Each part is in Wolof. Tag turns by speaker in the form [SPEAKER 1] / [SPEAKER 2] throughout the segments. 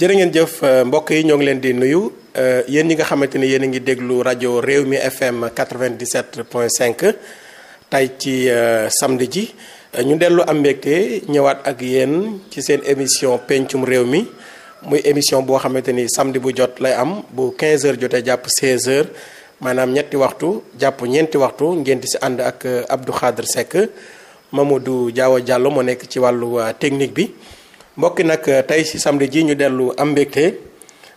[SPEAKER 1] jërë ngeen jëf euh, mbokk yi ñoo ngi leen di nuyu euh, yéen ñi nga xamante ni yéen a ngi déglu rajo réew mi FM 97.5 tey ci euh, samedi ji ñu dellu am mbégte ñëwaat ak yéen ci seen émission pencum réew mi muy émission boo xamante ni samedi bu jot lay am bu 15h jotee jàpp 16h maanaam ñetti waxtu jàpp ñeenti waxtu ngeen di si ànd ak Abdou Khadre Seck Mamadou Diawa Diallo moo nekk ci wàllu technique bi. mbokki nag euh, tey si samedi ji ñu dellu am mbégte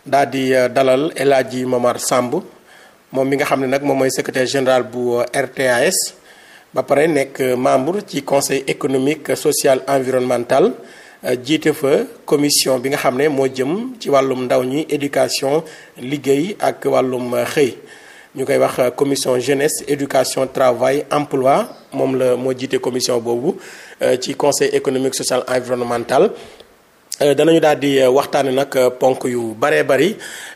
[SPEAKER 1] daal di euh, dalal El Hadji Momar Samb moom mi nga xam ne nag moom mooy secrétaire général bu euh, RTAS ba pare nekk membre ci conseil économique social environnemental jiite fa commission bi nga xam ne moo jëm ci wàllum ndaw ñi éducation liggéey ak wàllum xëy ñu koy wax commission jeunesse éducation travail emploi moom la moo jiite commission boobu ci conseil économique social environnemental Euh, danañu daal di euh, waxtaane nag euh, ponk yu baree bari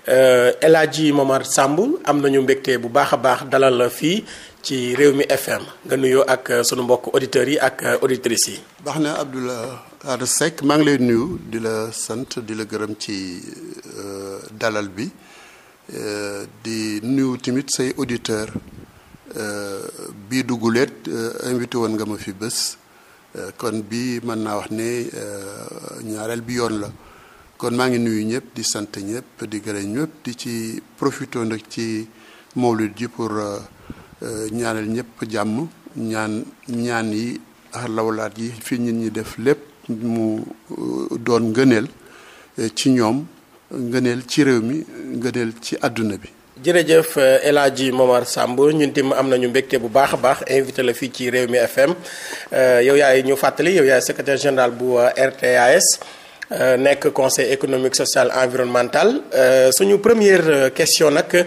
[SPEAKER 1] El yi Momar Samb am nañu mbégte bu baax a baax dalal la fii ci réew mi FM nga nuyoo ak sunu mbokk auditeurs yi ak auditrices yi.
[SPEAKER 2] baax na Abdoulaye Seck maa ngi lay nuyu di la sant di la gërëm ci dalal bi di nuyu timit say auditeurs bii dugguleet invité woon nga ma fi bés. Euh, kon bi mën naa wax ne euh, ñaareel bi yoon la kon maa ngi nuyu ñëpp di sant ñëpp di gërëm ñëpp di ci profité nag ci mawlid ji pour euh, ñaanal ñëpp jàmm ñaan ñaan yi lawlaat yi fi nit ñi def lépp mu doon ngëneel ci ñoom ngëneel ci réew mi ngëneel ci àdduna bi
[SPEAKER 1] jërëjëf euh, El Hadji Momar Samb ñun tim am nañu mbégte bu baax a baax invité la fii ci réew Rewmi FM euh, yow yaay ñu fàttali yow yaay secrétaire général bu euh, RTAS nekk conseil économique social environnemental suñu première question nag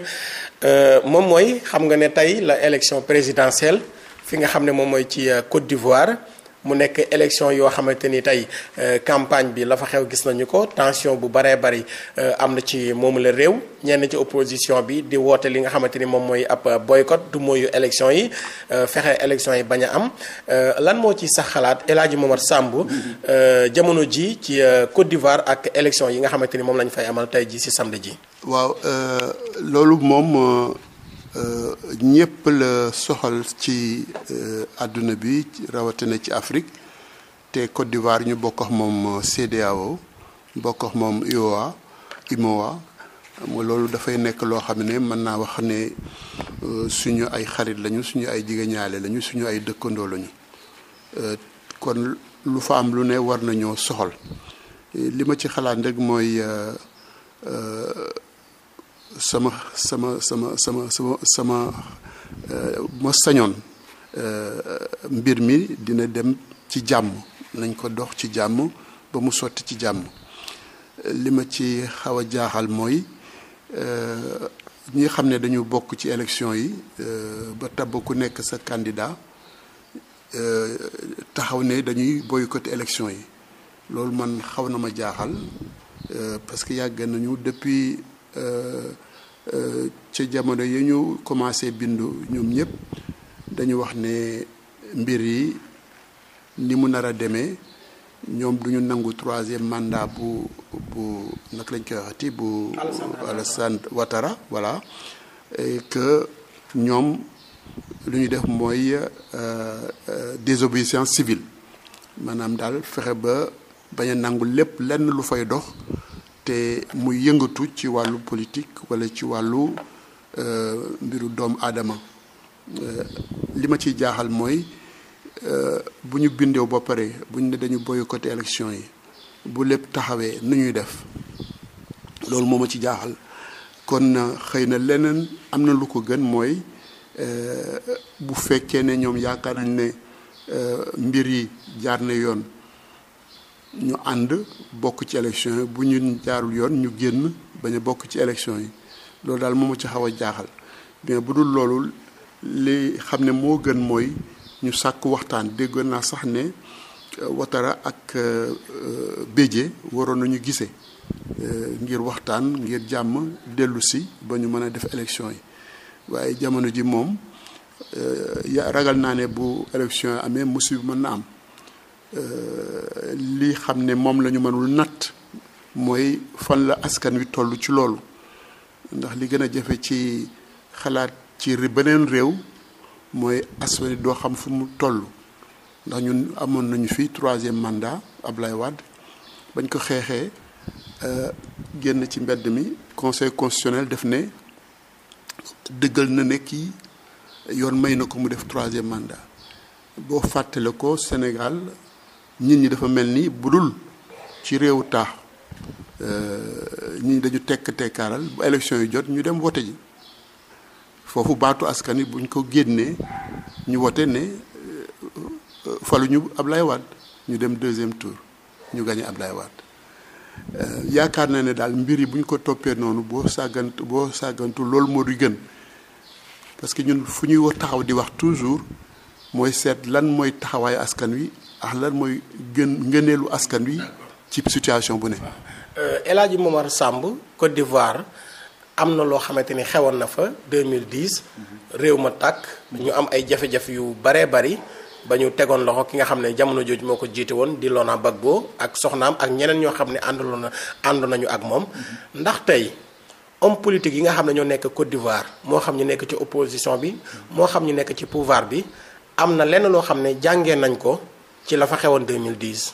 [SPEAKER 1] moom mooy xam nga ne tey la élection présidentielle fi nga xam ne moom mooy ci Côte d'Ivoire mu nekk élection yoo xamante ni tey euh, campagne bi la fa xew gis nañu ko tension bu baree bari euh, am na ci moom la réew ñenn ci opposition bi di woote li nga xamante ni moom mooy ab boycott du mooyu élection yi euh, fexe élection yi bañ a am lan moo ci sax xalaat El Hadji Momar Samb mm-hmm. jamono ji ci Côte d'Ivoire ak élection yi nga xamante ni moom lañ fay amal tey ji si samedi ji
[SPEAKER 2] waaw loolu moom Euh, ñëpp la soxal ci euh, àdduna bi rawatina ci Afrique te Côte d'Ivoire ñu bokk ak moom euh, CEDEAO bokk moom UOA UMOA mooy loolu dafay nekk loo xam ne mën naa wax ne suñu ay xarit lañu suñu ay jegeñaale lañu suñu ay dëkkandoo lañu kon lu fa am lu ne war nañoo soxal li ma ci xalaat ndeg mooy. sama sama sama sama sama sama eh, ma sañoon eh, mbir mi dina dem ci jàmm nañ ko dox ci jàmm ba mu sotti ci jàmm li ma ci xaw a jaaxal mooy eh, ñi xam ne dañu bokk ci élection yi ba tabb ku nekk sa candidat taxaw ne dañuy boycotter élection yi loolu man xaw na ma jaaxal parce yàgg nañu depuis ci jamono yi ñu commencé bindu ñoom ñëpp dañu wax ne mbir yi ni mu nar a demee ñoom du ñu nangu troisième mandat bu bu naka lañ koy waxati bu Alassane Ouattara voilà et que ñoom lu ñu def mooy euh, euh, désobéissance civile maanaam daal fexe ba baña nangu lépp lenn lu fay dox te muy yëngatu ci wàllu politique wala ci wàllu euh, mbiru doomu aadama euh, li ma ciy jaaxal mooy euh, bu ñu bindew ba pare bu ñu ne dañu boycotté élection yi bu lépp taxawee nu ñuy def loolu moo ma ci jaaxal kon na xëy na leneen am na lu ko gën mooy bu fekkee ne ñoom yaakaar nañ ne mbir yi jaar na yoon. ñu ànd bokk ci élection yi bu ñu jaarul yoon ñu génn bañ a bokk ci élection yi loolu daal moom ci xaw a jaaxal bien bu dul loolu li xam ne moo gën mooy ñu sàkk waxtaan déggoon naa sax ne euh, Ouattara ak euh, euh, Bédié waroon nañu gisee ngir waxtaan ngir jàmm dellu si ba ñu mën a def élection yi waaye jamono ji moom ya ragal naa ne bu élection amee musiba mën na am li xam ne moom lañu ñu mënul natt mooy fan la askan wi tollu ci loolu ndax li gën a jafe ci xalaat ci beneen réew mooy askan wi doo xam fu mu toll ndax ñu amoon nañu fi troisième mandat Ablaye Wade bañ ko xeexee euh, génn ci mbedd mi conseil constitutionnel def ne dëggal na ne kii yoon may na ko mu def troisième mandat boo fàttale ko Sénégal nit ñi dafa mel ni bu dul ci réewu taax euh, ñi dañu tekk tekkaaral bu élection yi jot ñu dem wote ji foofu baatu askan wi buñ ko génnee ñu wote ne euh, faluñu Ablaye Wade ñu dem deuxième tour ñu gagné Ablaye Wade euh, yaakaar na ne daal mbir yi buñ ko toppee noonu boo sàggantu boo sàggantu loolu moo du gën parce que ñun fu ñuy taxaw di wax toujours mooy seet lan mooy taxawaayu askan wi ah lan mooy gën ngëneelu askan wi ci situation bu ne. Euh, El Hadj
[SPEAKER 1] Momar Samb Côte d'Ivoire am na loo xamante ni xewoon na fa 2010 réew ma tàkk ñu am ay jafe yu baree bari ba ñu tegoon loxo ki nga xam ne jamono jooju moo ko jiite woon di Laurent Gbagbo ak soxnaam ñeneen ñoo xam ne àndaloon na ànd nañu ak moom ndax tey. homme politique yi nga xam ne ñoo nekk Côte d'Ivoire xam ñu nekk ci opposition bi moo xam ñu nekk ci pouvoir bi am na lenn loo xam ne jàngee nañ ko
[SPEAKER 2] ci la fa xewoon 2010.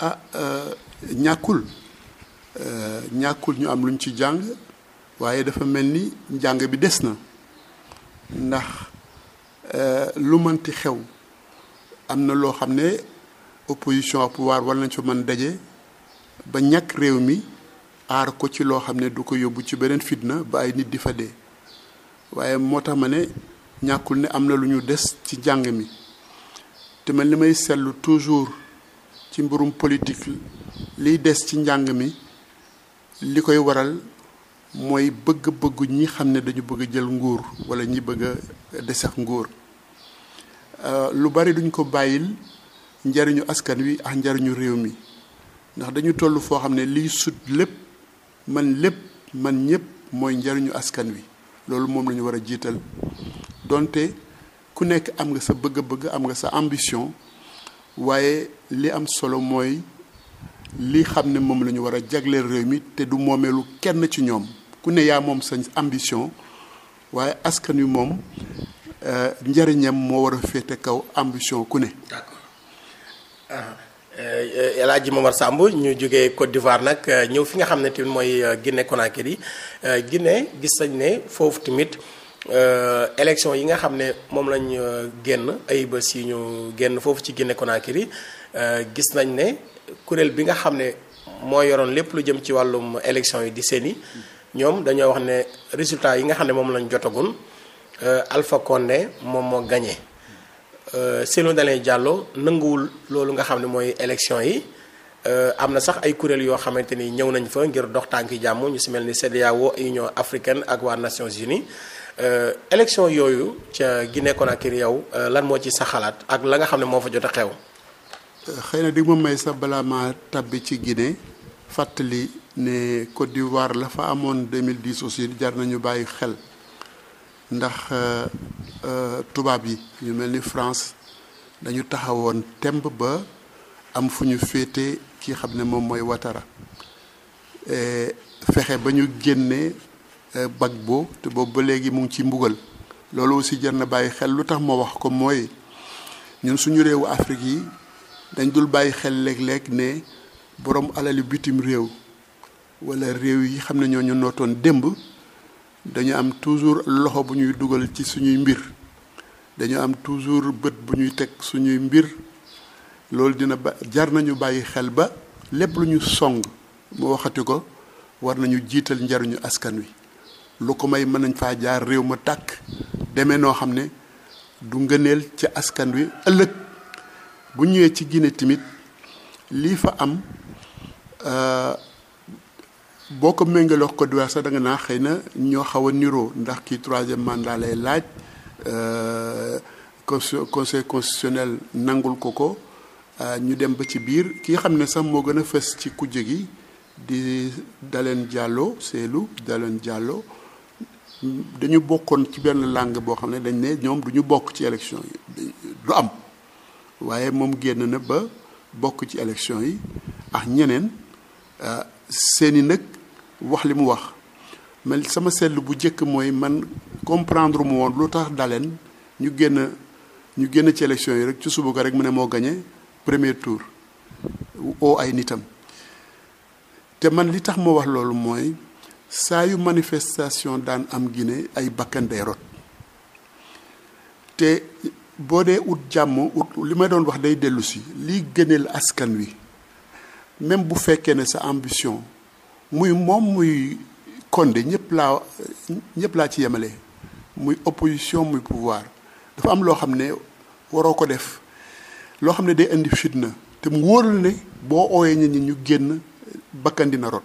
[SPEAKER 2] ah euh, ñàkkul euh, ñàkkul ñu am luñ ci jàng waaye dafa mel ni njàng bi des na ndax euh, lu mënti xew am na loo xam ne opposition ak pouvoir war nañ fa mën daje ba ñàkk réew mi aar ko ci loo xam ne du ko yóbbu ci beneen fitna ba ay nit di fa dee waaye moo tax ma ne ñàkkul ne am na lu ñu des ci jàng mi. te man li may seetlu toujours ci mbirum politique liy des ci njàng mi li koy waral mooy bëgg-bëggu ñi xam ne dañu bëgg jël nguur wala ñi bëgg a desax nguur euh, lu bari duñ ko bàyyil njariñu askan wi ak njariñu réew mi ndax dañu toll foo xam ne liy sut lépp man lépp man ñëpp mooy njariñu askan wi loolu moom lañu ñu war a jiital donte. ku nekk am nga sa bëgg-bëgg am nga sa ambition waaye li am solo mooy li xam ne moom lañu ñu war a jagleel réew mi te du moomeelu kenn ci ñoom ku ne yaa moom sa ambition waaye askan wi moom euh, njëriñam moo war a féete kaw ambition ku ne. d'accord
[SPEAKER 1] euh, euh, El Hadji Momar Samb ñu jógee Côte d'Ivoire nag ñëw fi nga xam ne tamit mooy Guinée Conakry Guinée gis nañ ne foofu tamit. Euh, élection yi nga xam ne moom lañ euh, génn ay bés yi ñu génn foofu ci Guinée Conakry euh, gis nañ ne kuréel bi nga xam ne moo yoroon lépp lu jëm ci wàllum élection yi di seeni ñoom dañoo wax ne résultat yi nga xam ne moom lañ jotagun Alpha Condé moom moo gagné Cellou Dalein jàlloo nanguwul loolu nga xam ne mooy élection yi am na sax ay kuréel yoo xamante ni ñëw nañ fa ngir dox tànki jàmm ñu si mel ni CEDEAO Union africaine ak waa Nations Unies Euh, élection yooyu ca Guinée Conakry yow euh, lan moo ci sa xalaat ak la nga xam ne moo fa jot a xew. Euh,
[SPEAKER 2] xëy na di ma may sax balaa maa tabbi ci Guinée fàttali ne Côte d'Ivoire la fa amoon 2010 aussi jar nañu bàyyi xel ndax tubaab yi ñu mel ni France dañu taxawoon temb ba am fu ñu féete ki xam ne moom mooy watara fexe ba ñu génnee Gbagbo euh, te boobu ba léegi mu ngi ci mbugal loolu aussi jar na bàyyi xel lu tax ma wax ko mooy ñun suñu réewu Afrique yi dañ dul bàyyi xel léeg-léeg ne borom alali bitim réew wala réew yi xam ne ñoo nootoon démb dañu am toujours loxo bu ñuy dugal ci suñuy mbir dañu am toujours bët bu ñuy teg suñuy mbir loolu dina ba jar nañu bàyyi xel ba lépp lu ñu song mu waxati ko war nañu jiital njariñu askan wi lu ko may mën nañ faa jaar réew ma tàkk demee noo xam ne du ngëneel ci askan wi ëllëg bu ñëwee ci Guinée tamit lii fa am euh, boo ko méngaloo Côte d'Ivoire sax da nga naa xëy na ñoo xaw a niroo ndax kii troisième laa lay laaj euh, conseil constitutionnel nangul ko ko euh, ñu dem ba ci biir kii xam ne sax moo gën a fës ci kujje gi di Dalein jàlloo seelu daleen jàlloo dañu bokkoon ci benn langue boo xam ne dañ ne ñoom duñu bokk ci élection yi du am waaye moom génn na ba bokk ci élection yi ak ñeneen ah, seeni nag wax li mu wax mais sama seetlu bu njëkk mooy man comprendre mu woon lu tax daleen ñu génn ñu génn ci élection yi rek ci suba ko rek mu ne moo gagné premier tour o ay nitam te man li tax ma wax loolu mooy saa yu manifestation daan am gine ay bakkan day te boo dee ut jàmm ut li may doon wax day dellusi liy gëneel askan wi même bu fekkee ne sa ambition muy moom muy Condé ñëpp laa ñëpp laa ci yemale muy opposition muy pouvoir dafa am loo xam ne waroo ko def loo xam ne day indi fitna te mu wóor ne boo ooyee nit ñu génn bakkan dina rot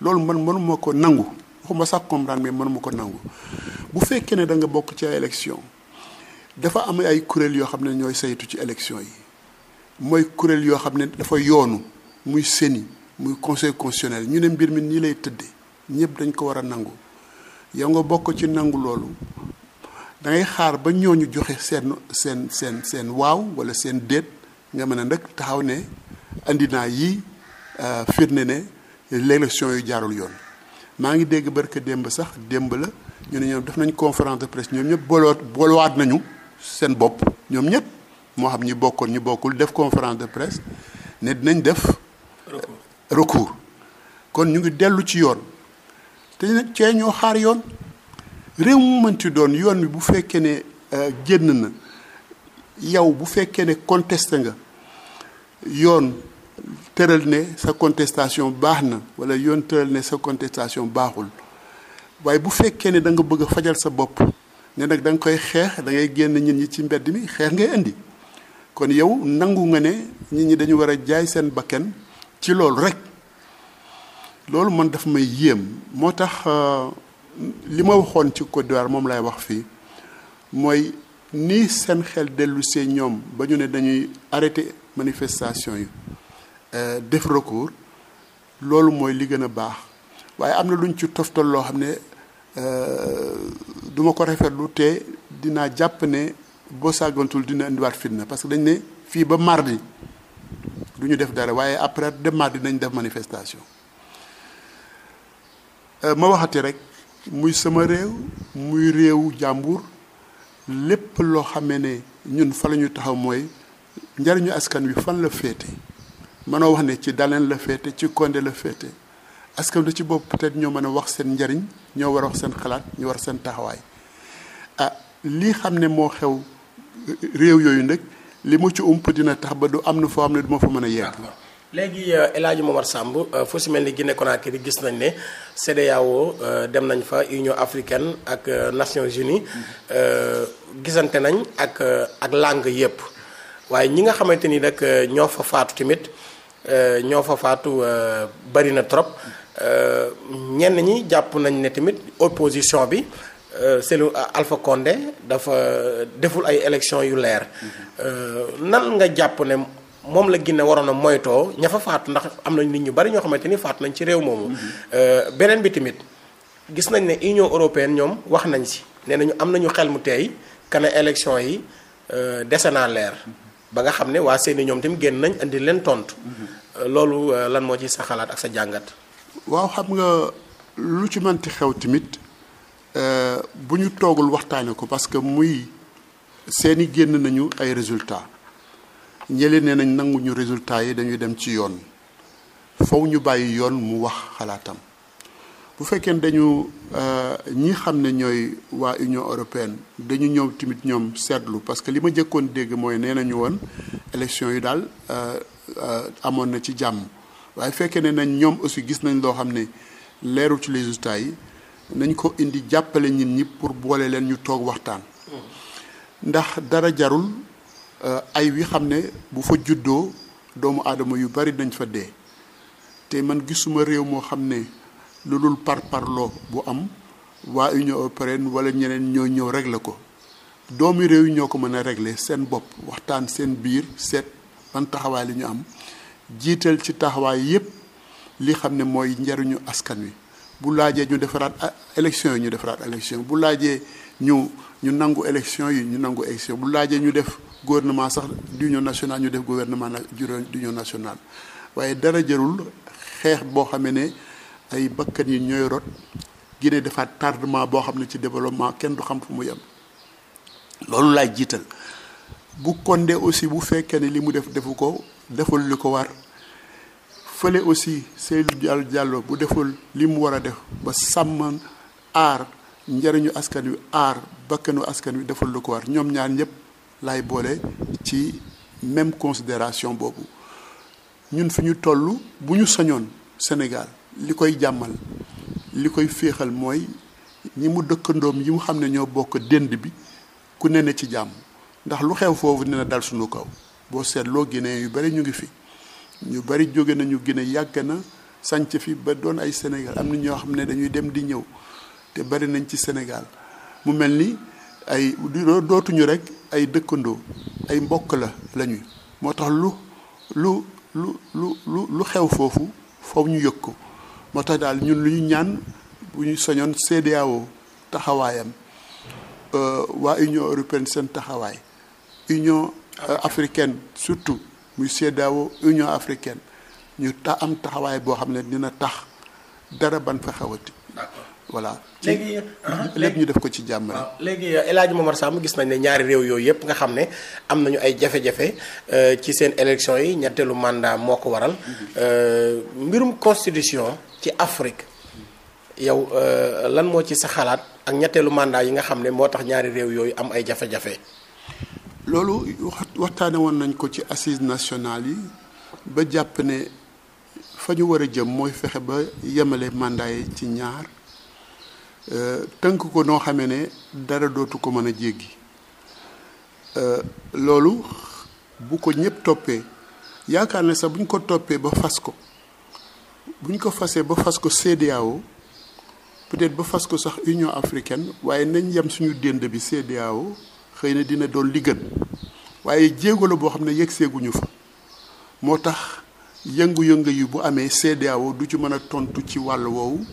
[SPEAKER 2] loolu man mënuma ko nangu waxuma sax comprendre mais mënuma ko nangu bu fekkee ne da nga bokk ci ay dafa am ay kuréel yoo xam ne ñooy saytu ci élection yi mooy kuréel yoo xam ne dafa yoonu muy séeni muy conseil constitutionnel ñu ne mbir mi nii lay tëddee ñëpp dañ ko war a nangu yow nga bokk ci nangu loolu da ngay xaar ba ñu joxe seen seen seen seen waaw wala seen déet nga mën a nag taxaw ne andi naa yii euh, ne ne. l'élection yu jaarul yoon maa ngi dégg barka démb sax démb la ñu ne ñoom def nañu conférence de presse ñoom ñëpp booloot boolowaat nañu seen bopp ñoom ñëpp moo xam ñi bokkoon ñi bokkul def conférence de presse ne dinañ def recours kon ñu ngi dellu ci yoon te cee ñoo xaar yoon réew mu mënti doon yoon bi bu fekkee ne euh, génn na yow bu fekkee ne contesté nga yoon tëral ne sa contestation baax na wala yoon tëral ne sa contestation baaxul waaye bu fekkee ne da nga bëgg a fajal sa bopp ne nag da nga koy xeex dangay génn nit ñi ci mbedd mi xeex ngay indi kon yow nangu nga ne nit ñi dañu war a jaay seen bakken ci loolu rek loolu mën daf may yéem moo tax euh, li ma waxoon ci Côte moom lay wax fii mooy ni seen xel dellu see ñoom ba ñu ne dañuy arrêté manifestation yi Euh, def recours loolu mooy li gën a baax waaye am na lu luñ ci toftal loo xam ne euh, duma ko rafetlu te dinaa jàpp ne boo sàggantul dina indiwaat fitna parce que dañ ne fii ba mardi duñu def dara waaye après de mardi nañ def manifestation euh, ma waxati rek muy sama réew muy réewu jàmbur lépp loo xam ne ñun fa la ñu taxaw mooy njariñu askan wi fan la féete mënoo wax ne ci daleen la féete ci Condé la féete askan lu ci bopp peut-être ñoo mën a wax seen njariñ ñoo war a wax seen xalaat ñu war seen taxawaay ah lii xam ne moo xew réew yooyu nag li mu ci ump dina tax ba du am na foo xam ne du ma fa mën a yegg.
[SPEAKER 1] léegi euh, El Hadj Momar
[SPEAKER 2] Samb euh, fu si mel ni Guinée Conakry gis
[SPEAKER 1] nañ ne CEDEAO euh, dem nañ fa Union africaine ak Nations Unies gisante nañ ak ak langue yëpp waaye ñi nga xamante ni nag ñoo fa faatu tamit. Euh, ñoo fa faatu euh, bari na trop euh, ñenn ñi jàpp nañ ne tamit opposition bi Cellou Alpha Condé dafa deful ay élection yu leer nan nga jàpp ne moom la Guinée waroon a moytoo ña fa faatu ndax am nañ nit ñu bari ñoo xamante ni faatu nañ ci réew moomu. Mm-hmm. beneen bi tamit gis nañ ne Union européenne ñoom wax nañ si nee nañu am nañu xel mu tey kana élection yi dese naa leer. Mm-hmm. ba nga xam ne waa seeni ñoom
[SPEAKER 2] tamit génn nañ indi leen tontu.
[SPEAKER 1] Mhm. loolu euh, lan moo ci sa xalaat ak sa jàngat.
[SPEAKER 2] waaw xam nga lu ci mënti xew tamit euh, bu ñu toogul waxtaanee ko parce que muy seeni génn nañu ay résultat ñële nee nañ nanguñu résultats yi dañuy dem ci yoon faw ñu bàyyi yoon mu wax xalaatam. bu fekkee ne dañu euh, ñi xam ne ñooy waa Union européenne dañu ñëw tamit ñoom seetlu parce que li ma jëkkoon dégg mooy nee nañu woon élection yi daal euh, euh, amoon na ci jàmm waaye fekkee ne nañ ñoom aussi gis nañ loo xam ne leerul ci résultats yi nañ ko indi jàppale nit ñi pour boole leen ñu toog waxtaan ndax dara jarul ay wi xam ne bu fa juddoo doomu aadama yu bari dañ fa dee te man gisuma réew moo xam ne lu dul par parloo bu am waa Union européenne wala ñeneen ñoo ñëw régler ko doomi réew yi ñoo ko mën a régler seen bopp waxtaan seen biir seet ban taxawaay li ñu am jiital ci taxawaay yépp li xam ne mooy njariñu askan wi bu laajee ñu defaraat élection yi ñu defaraat élection bu laajee ñu ñu nangu élection yi ñu nangu élection bu laajee ñu def gouvernement sax d'union nationale ñu def gouvernement d'union nationale waaye dara jërul xeex boo xamee ne ay bakkan yi ñooy rot Guinée defaat tardement boo xam ne ci développement kenn du xam fu mu yem loolu laay jiital bu Condé aussi bu fekkee ne li mu def defu ko deful li ko war fële aussi Seydou Diallo Diallo bu deful li mu war a def ba sàmm aar njariñu askan wi aar bakkanu askan wi deful lu ko war ñoom ñaar ñëpp laay boole ci même considération boobu ñun fi ñu toll bu ñu sañoon Sénégal li koy jàmmal li koy féexal mooy ñi mu dëkkandoom yi mu xam ne ñoo bokk dénd bi ku ne ci jàmm ndax lu xew foofu dina dal suñu kaw boo seetloo Guinée yu bari ñu ngi fi ñu bari jóge nañu Guinée yàgg na sànc fi ba doon ay Sénégal am na ñoo xam ne dañuy dem di ñëw te bari nañ ci Sénégal mu mel ni ay dootuñu rek ay dëkkandoo ay mbokk la lañuy moo tax lu lu lu lu lu xew foofu foofu ñu yëg ko moo tax daal ñun lu ñu ñaan bu ñu soñoon CEDEAO taxawaayam euh, waa Union européenne seen taxawaay Union euh, africaine surtout muy CEDEAO Union africaine ñu ta am taxawaay boo xam ne dina tax dara ban fa xewati voilà ah, léegi lépp ñu def ko ci jàmm rek.
[SPEAKER 1] léegi euh, El Hadj Momar gis nañ ne ñaari réew yooyu yëpp nga xam ne am nañu ay jafe-jafe euh, ci seen élection yi ñetteelu mandat moo ko waral mm-hmm. euh, mbirum constitution ci Afrique yow lan moo ci sa xalaat ak ñetteelu mandat yi nga xam ne moo tax ñaari réew yooyu am ay jafe-jafe.
[SPEAKER 2] loolu waxtaane woon nañ ko ci assises nationales yi ba jàpp ne fa ñu war a jëm mooy fexe ba yemale mandat yi ci ñaar. Euh, tënk ko noo xamee ne dara dootu ko mën a jéggi euh, loolu bu ko ñëpp toppee yaakaar ne sax buñ ko toppee ba fas ko buñ ko fasee ba fas ko CEDEAO peut-être ba fas ko sax Union africain waaye nañ yem suñu dénd bi CEDEAO xëy na dina doon li waaye jéego la boo xam ne yegg seeguñu fa moo tax yëngu-yëngu yi bu amee CEDEAO du ci mën a tontu ci wàll woowu.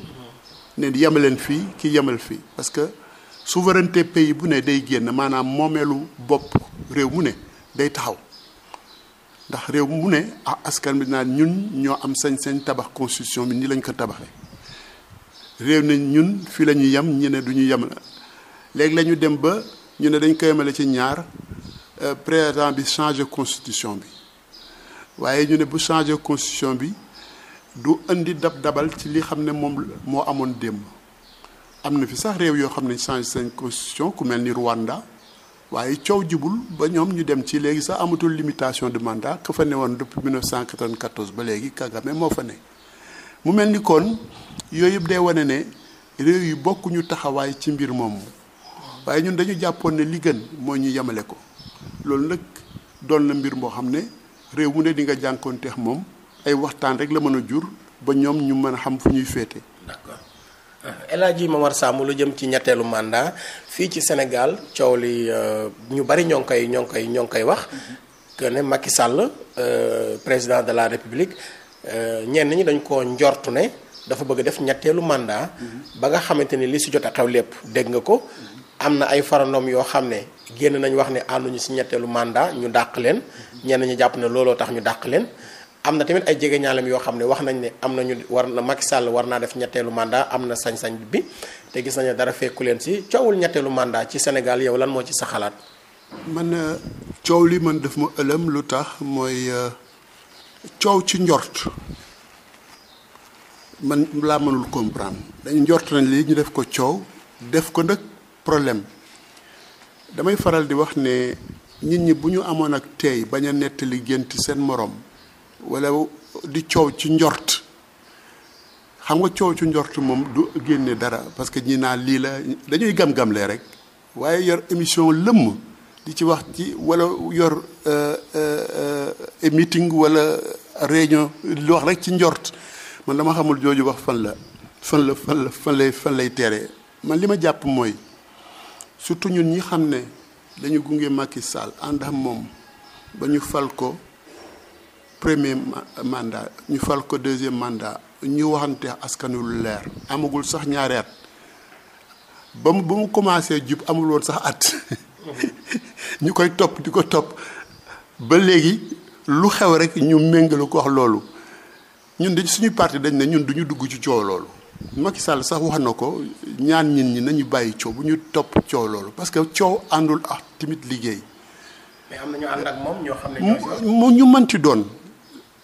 [SPEAKER 2] ne yemaleen fii ki yemal fii parce que souveraineté pays bu ne day génn maanaam moomeelu bopp réew mu ne day taxaw ndax réew mu ne ah askan bi naan ñun ñoo am sañ-sañ tabax constitution bi nii lañ ko tabaxee réew ne ñun fii la ñu yem ñu ne du ñu yem la léegi la dem ba ñu ne dañ ko yemale ci ñaar euh, président bi changé constitution bi waaye ñu ne bu changé constitution bi du indi dab dabal ci li xam ne moom moo amoon démb am na fi sax réew yoo xam ne changé cinq constitution ku mel ni Rwanda waaye coow jubul ba ñoom ñu dem ci léegi sax amatul limitation de mandat ka fa ne woon depuis 1994 ba léegi Kagame moo fa ne mu mel ni kon yooyu yëpp day wane ne réew yi bokkuñu taxawaay ci mbir moomu waaye ñun dañu jàppoon ne li gën moo ñu yemale ko loolu nag doon na mbir moo xam ne réew mu ne di nga jànkoonteex moom ay waxtaan rek la mën jur ba ñoom ñu mën a xam fu ñuy féete.
[SPEAKER 1] d'accord El Hadji Momar Samb lu jëm ci ñetteelu mandat fii ci Sénégal coow li euh, ñu bari ñoo ngi koy ñoo koy wax. que ne Macky Sall euh, président de la République euh, ñenn ñi dañ ko njortu ne dafa bëgg def ñetteelu mandat. ba nga xamante ni li si jot a xew lépp dégg nga ko. am na ay farandoom yoo xam ne génn nañu wax ne ànduñu si ñetteelu mandat ñu dàq leen. ñenn ñi jàpp ne looloo tax ñu dàq leen. am na tamit ay jege ñaalam yoo xam ne wax nañ ne am nañu war na Macky Sall war naa def ñetteelu mandat am na sañ-sañ bi te gis nañu dara fekku leen si coowul ñetteelu mandat ci senegal
[SPEAKER 2] yow lan moo ci sa xalaat. man euh, coow li mën daf mu ëlëm lu tax mooy euh, coow ci njort man laa mënul comprendre dañu njort nañ li ñu def ko coow def ko nag problème damay faral di wax ne nit ñi bu ñu amoon ak tey bañ a nettali gént seen moroom wala di coow ci njort xam nga coow ci njort moom du génne dara parce que ñi naa lii la dañuy gam-gamlee rek waaye yor émission lëmm di ci wax ci wala yor euh, euh, euh, meeting wala réunion di wax rek ci njort man dama xamul jooju wax fan la fan la fan la fan lay fan lay teree man li ma jàpp mooy surtout ñun ñi xam ne dañu gunge Macky Sall ànd ak moom ba ñu fal ko premier mandat ñu fal ko deuxième mandat ñu waxante askanu lu leer amagul sax ñaari at ba mu ba mu commencé jub amul woon sax at ñu koy topp di ko topp ba léegi lu xew rek ñu méngale ko wax loolu ñun dañ suñu parti dañ ne ñun du ñu dugg ci coow loolu. Macky Sall sax wax na ko ñaan ñin ñi nañu bàyyi coow bu ñu topp coow loolu parce que coow àndul ak timit liggéey. mais am na ñu ànd moom ñoo xam ne ñu doon.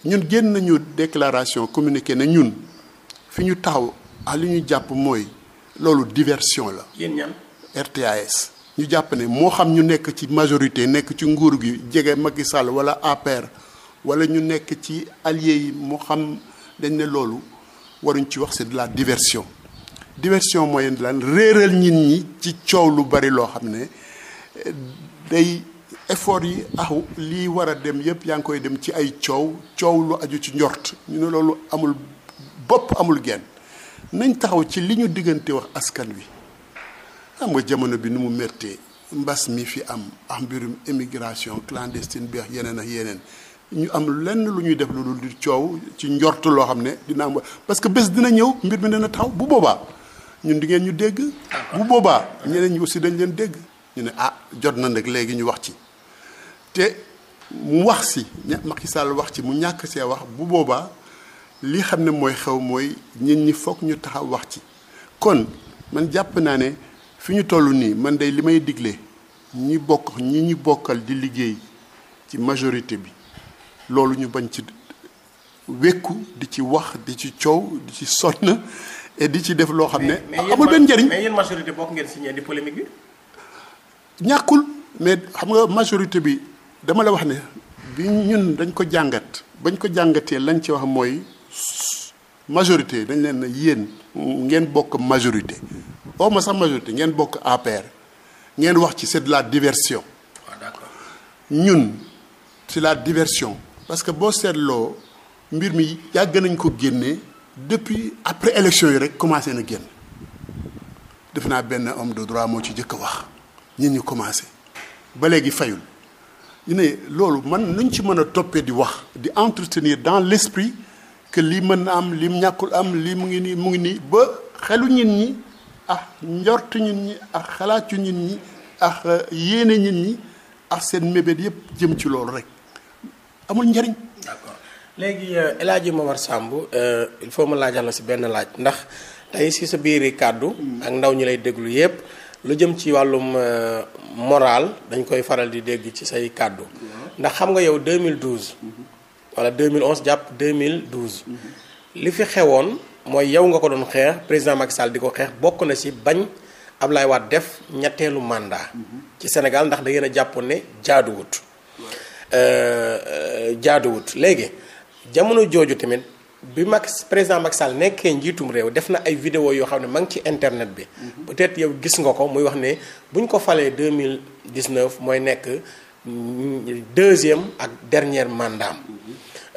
[SPEAKER 2] ñun génn nañu déclaration communiqué na ñun fi ñu taxaw ah li ñu jàpp mooy loolu diversion la. yéen ñan RTAS. ñu jàpp ne moo xam ñu nekk ci majorité nekk ci nguur gi jege Macky Sall wala APR wala ñu nekk ci alliés yi moo xam dañ ne loolu waruñ ci wax c'est de la diversion diversion mooy lan réeral nit ñi ci coow lu bari loo xam ne day. effort yi aw lii war a dem yëpp yaa ngi koy dem ci ay coow coow lu aju ci njort ñu ne loolu amul bopp amul genn nañ taxaw ci li ñu diggante wax askan wi xam nga jamono bi nu mu méttee mbas mi fi am ah mbirum immigration clandestine bi ak yeneen ak yeneen ñu am lenn lu ñuy def lu dul di coow ci njort loo xam ne dina am parce que bés dina ñëw mbir mi dina taxaw bu boobaa ñun di ngeen ñu dégg bu boobaa ñeneen ñi aussi dañ leen dégg ñu ne ah jot na nag léegi ñu wax ci te mu wax si Macky wax ci mu ñàkk see wax bu boobaa li xam ne mooy xew mooy nit ñi foog ñu taxaw wax ci kon man jàpp naa ne fi ñu toll nii man de li may digle ñi bokk ñi ñi bokkal di liggéey ci majorité bi loolu ñu bañ ci wékku di ci wax di ci coow di ci sonn et di ci def loo xam ne. amul benn njëriñ mais yéen majorité bokk ngeen signé di polémique bi. ñàkkul mais xam nga majorité bi. dama la wax ne bi ñun dañ ko jàngat bañ ko jàngatee lañ ci wax mooy majorité dañ leen na yéen ngeen bokk majorité oo ma sax majorité ngeen bokk APR ngeen wax ci c'est la diversion ah, ñun ci la diversion parce que boo seetloo mbir mi yàgg nañ ko génnee depuis après élection yi rek commencé na génn def naa benn homme de droit moo ci jëkk a wax ñun ñu commencé ba léegi fayul ne loolu man nuñ ci mën a toppee di wax di entretenir dans l'esprit que lii mën na am lii mu ñàkkul am lii mu ngi nii mu ngi nii ba xelu ñin ñi ah njortu ñin ñi ak xalaatu ñin ñi ak euh, yéene ñin ñi ak seen mébét yëpp jëm ci loolu rek amul njariñ d'accord
[SPEAKER 1] léegi euh, El Hadji Momar Samb euh, il faut ma laajal si benn laaj ndax tey si sa biiri kàddu hmm. ak ndaw ñi lay déglu yëpp lu jëm ci wàllum euh, moral dañ koy faral di dégg ci say kàddu ndax xam nga yow 2012 wala 2011 jàpp 2012 li fi xewoon mooy yow nga ko doon xeex président Macky Sall di ko xeex bokk na si bañ Ablaye Wade def ñetteelu mandat ci Sénégal ndax da ngeen a jàppoon ne jaaduwut euh, euh, jaaduwut léegi jamono jooju tamit bi Macky président Macky Sall nekkee njiitum réew def na ay video yoo xam ne ma ngi ci internet bi. Mhm. peut-être yow gis nga ko muy wax ne bu ñu ko falee deux mille dix neuf mooy nekk deuxième ak dernier mandat mhm.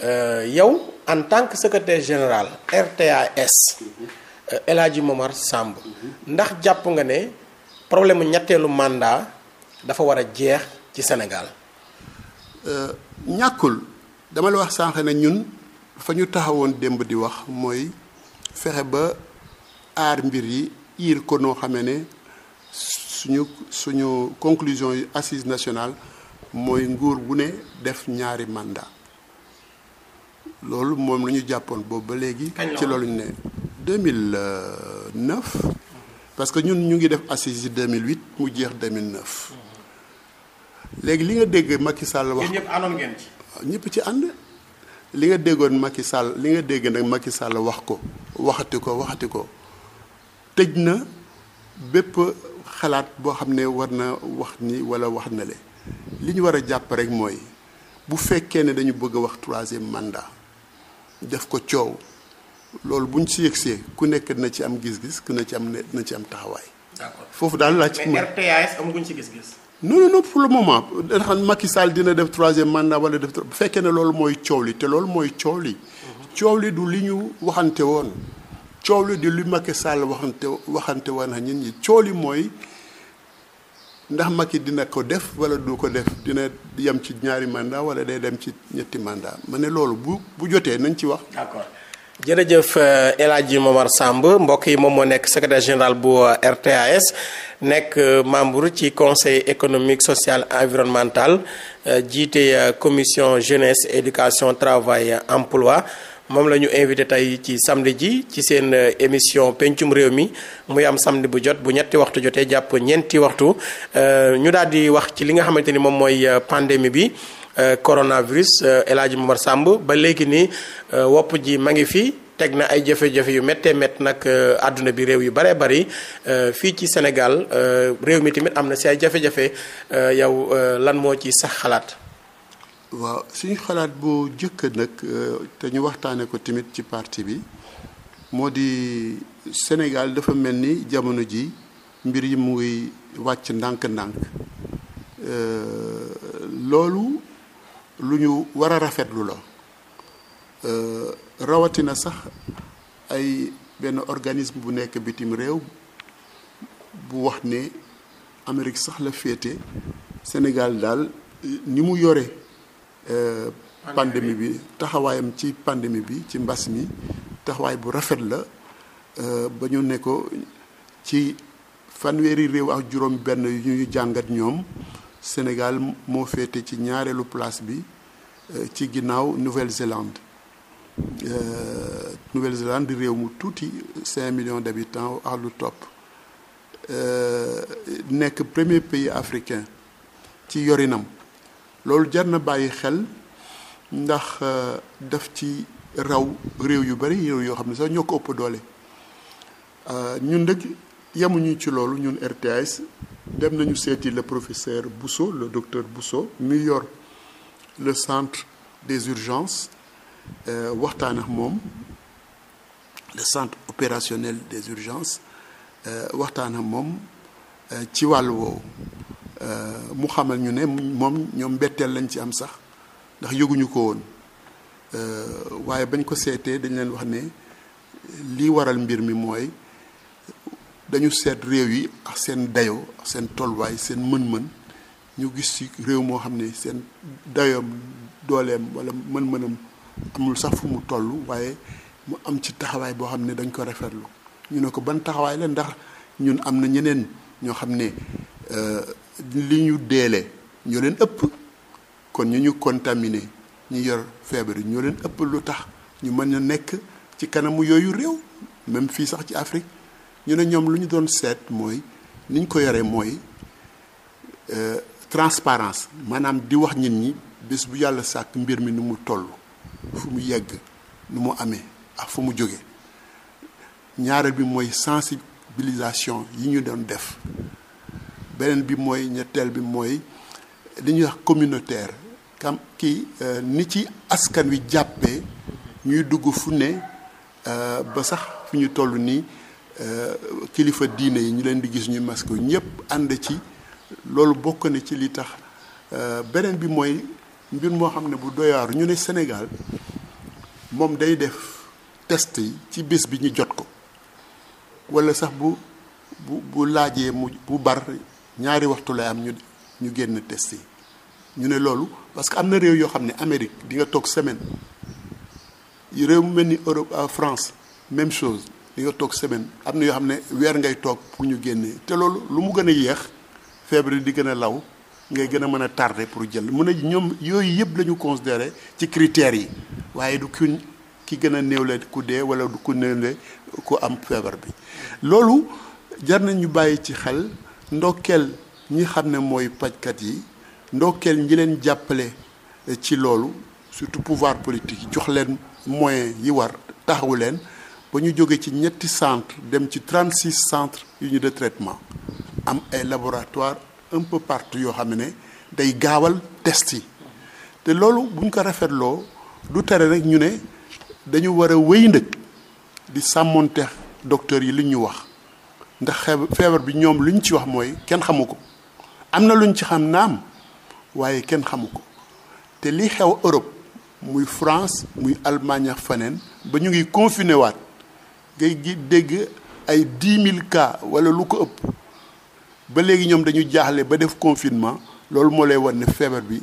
[SPEAKER 1] euh, yow en tant que secrétaire général RTAS. Mhm. El Hadji Momar Samb. ndax jàpp nga ne problème ñetteelu mandat
[SPEAKER 2] dafa war a jeex ci Sénégal. Euh, ñàkkul dama la wax sànq na ñun. fa ñu taxawoon démb di wax mooy fexe ba aar mbir yi iir ko noo xamee ne suñu suñu conclusion yi assise nationale mooy nguur wu ne def ñaari mandat loolu moom la ñu jàppoon boobu ba léegi ci loolu ñu ne 2009 parce que ñun ñu ngi def assise yi 2008 mu jeex 2009 mm-hmm. léegi li nga dégg Macky Sall wax ñëpp ñëpp ci ànd li nga déggoon Macky Sall li nga dégg nag Macky Sall wax ko waxati ko waxati ko tëj na bépp xalaat boo xam ne war na wax ni walla wax nale li ñu war a jàpp rek mooy bu fekkee ne dañu bëgg a wax troisième mandat def ko coow loolu buñ ñu ci yëgsee ku nekk na ci am gis-gis ku na ci am ne na ci am taxawaay. foofu daal laa ci. mais ci gis-gis. nu non non pour le moment ndax Macky Sall dina def troisième mandat wala def bu fekkee ne loolu mooy coow li te loolu mooy coow li. coow li du li ñu waxante woon coow li du li Macky Sall waxante waxante woon ak ñun ñi coow li mooy ndax ki dina ko def wala du ko def dina yem ci ñaari mandat wala day dem ci ñetti mandat ma ne loolu bu bu jotee nañ ci wax. d'accord. jërëjëf euh, El Hadji Momar Samb
[SPEAKER 1] mbokk yi moom moo nekk secrétaire général bu euh, RTAS nekk euh, membre ci conseil économique social environnemental jiite commission jeunesse éducation travail emploi moom la ñu invité tey ci samedi ji ci seen émission pencum réew mi muy am samedi bu jot bu ñetti waxtu jotee jàpp ñeenti waxtu ñu daal di wax ci li nga xamante ni moom mooy pandémie bi. Euh, coronavirus euh, El Hadji Momar Samb ba léegi nii euh, wopp ji ma ngi fi teg na ay jafe-jafe yu mette métt nag àdduna bi réew yu bëree bëri fii ci Sénégal réew mi tamit am na si ay jafe-jafe yow lan moo ci sax xalaat.
[SPEAKER 2] waaw suñu xalaat bu jëkk nag te ñu waxtaanee ko tamit ci parti bi moo di Sénégal dafa mel ni jamono ji mbir yi muy wàcc ndànk-ndànk loolu. lu ñu war a rafetlu la euh, rawatina sax ay benn organisme bu nekk bitim réew bu wax ne Amérique sax la féete Sénégal daal ni mu yore euh, pandémie bi taxawaayam ci pandémie bi ci mbas mi taxawaay bu rafet la euh, ba ñu ne ko ci fanweeri réew ak juróom benn yu ñu jàngat ñoom Sénégal moo féete ci ñaareelu place bi euh, ci ginnaaw Nouvelle-Zélande euh, Nouvelle-Zélande réew mu tuuti 5 millions d'habitants ak lu topp euh, nekk premier pays africain ci yorinam loolu jar na bàyyi xel ndax daf ci raw réew yu bari réew yoo xam ne sax ñoo ko ëpp doole ñun dëgg yemuñu ci loolu ñun RTS. dem nañu seeti le professeur Bousso le docteur Bousso mi yor le centre des urgences euh, waxtaan ak moom le centre opérationnel des urgences euh, waxtaan ak moom euh, ci wàllu woowu mu xamal ñu ne moom ñoom mbetteel lañ ci am sax ndax yëguñu ko woon waaye bañ ko seetee dañ leen wax ne li waral mbir mi mooy dañu seet réew yi ak seen dayo ak seen tolluwaay seen mën-mën ñu gis ci réew moo xam ne seen dayoom dooleem wala mën-mënam amul sax fu mu toll waaye mu am ci taxawaay boo xam ne dañ ko rafetlu ñu ne ko ban taxawaay la ndax ñun am na ñeneen ñoo xam ne euh, li ñu deele ñoo leen ëpp kon ñu ñu contaminé ñu yor feebar yi ñoo leen ëpp lu tax ñu mën a nekk ci kanamu yooyu réew même fii sax ci Afrique ñu ne ñoom lu ñu doon seet mooy niñ ko yoree mooy euh, transparence maanaam di wax nit ñi bés bu yàlla sàkk mbir mi nu mu toll fu mu yegg nu mu amee ak fu mu jóge ñaareel bi mooy sensibilisation yi ñu doon def beneen bi mooy ñetteel bi mooy li ñuy wax communautaire kam kii euh, ni ci askan wi jàppee ñuy dugg fu ne euh, ba sax fu ñu toll nii Euh, kilifa diine yi ñu leen di gis ñuy masque ñëpp ànd ci loolu bokk na ci li tax euh, beneen bi mooy mbir moo xam ne bu doyaar ñu ne Sénégal moom day def test yi ci bés bi ñu jot ko walla sax bu bu bu laajee mu bu bar ñaari waxtu lay am ñu ñu génn test yi ñu ne loolu parce que am na réew yoo xam ne Amérique di nga toog semaine réew mu mel ni Europe à euh, France même chose di nga toog semaine am na yoo xam ne weer ngay toog pour ñu génnee te loolu lu mu gën a yéex feebar di gën a law ngay gën a mën a tardé pour jël mu ne ñoom yooyu yëpp lañu ñu ci critères yi waaye du ku ki gën a néewle ku dee wala du ku néewle ku am feebar bi loolu jar nañ ñu bàyyi ci xel ndokkeel ñi xam ne mooy pajkat yi ndokkeel ñi leen jàppale ci loolu surtout pouvoir politique yi jox leen moyens yi war taxawu leen ba ñu jógee ci ñetti centre dem ci centre yu ñu de traitement am ay laboratoire un peu partout yoo xam ne day gaawal test yi te loolu buñ ñu ko rafetloo du tere rek ñu ne dañu war a wéy ndëg di sàmmoonteex docteur yi li ñu wax ndax feebar bi ñoom lu ñu ci wax mooy kenn xamu ko am na lu ñu ci xam naam waaye kenn xamu ko te li xew Europe muy France muy Allemagne feneen ba ñu ngi confiné waat ngay gi dégg ay dix mille cas wala lu ko ëpp ba léegi ñoom dañu jaaxle ba def confinement loolu moo lay wan ne feebar bi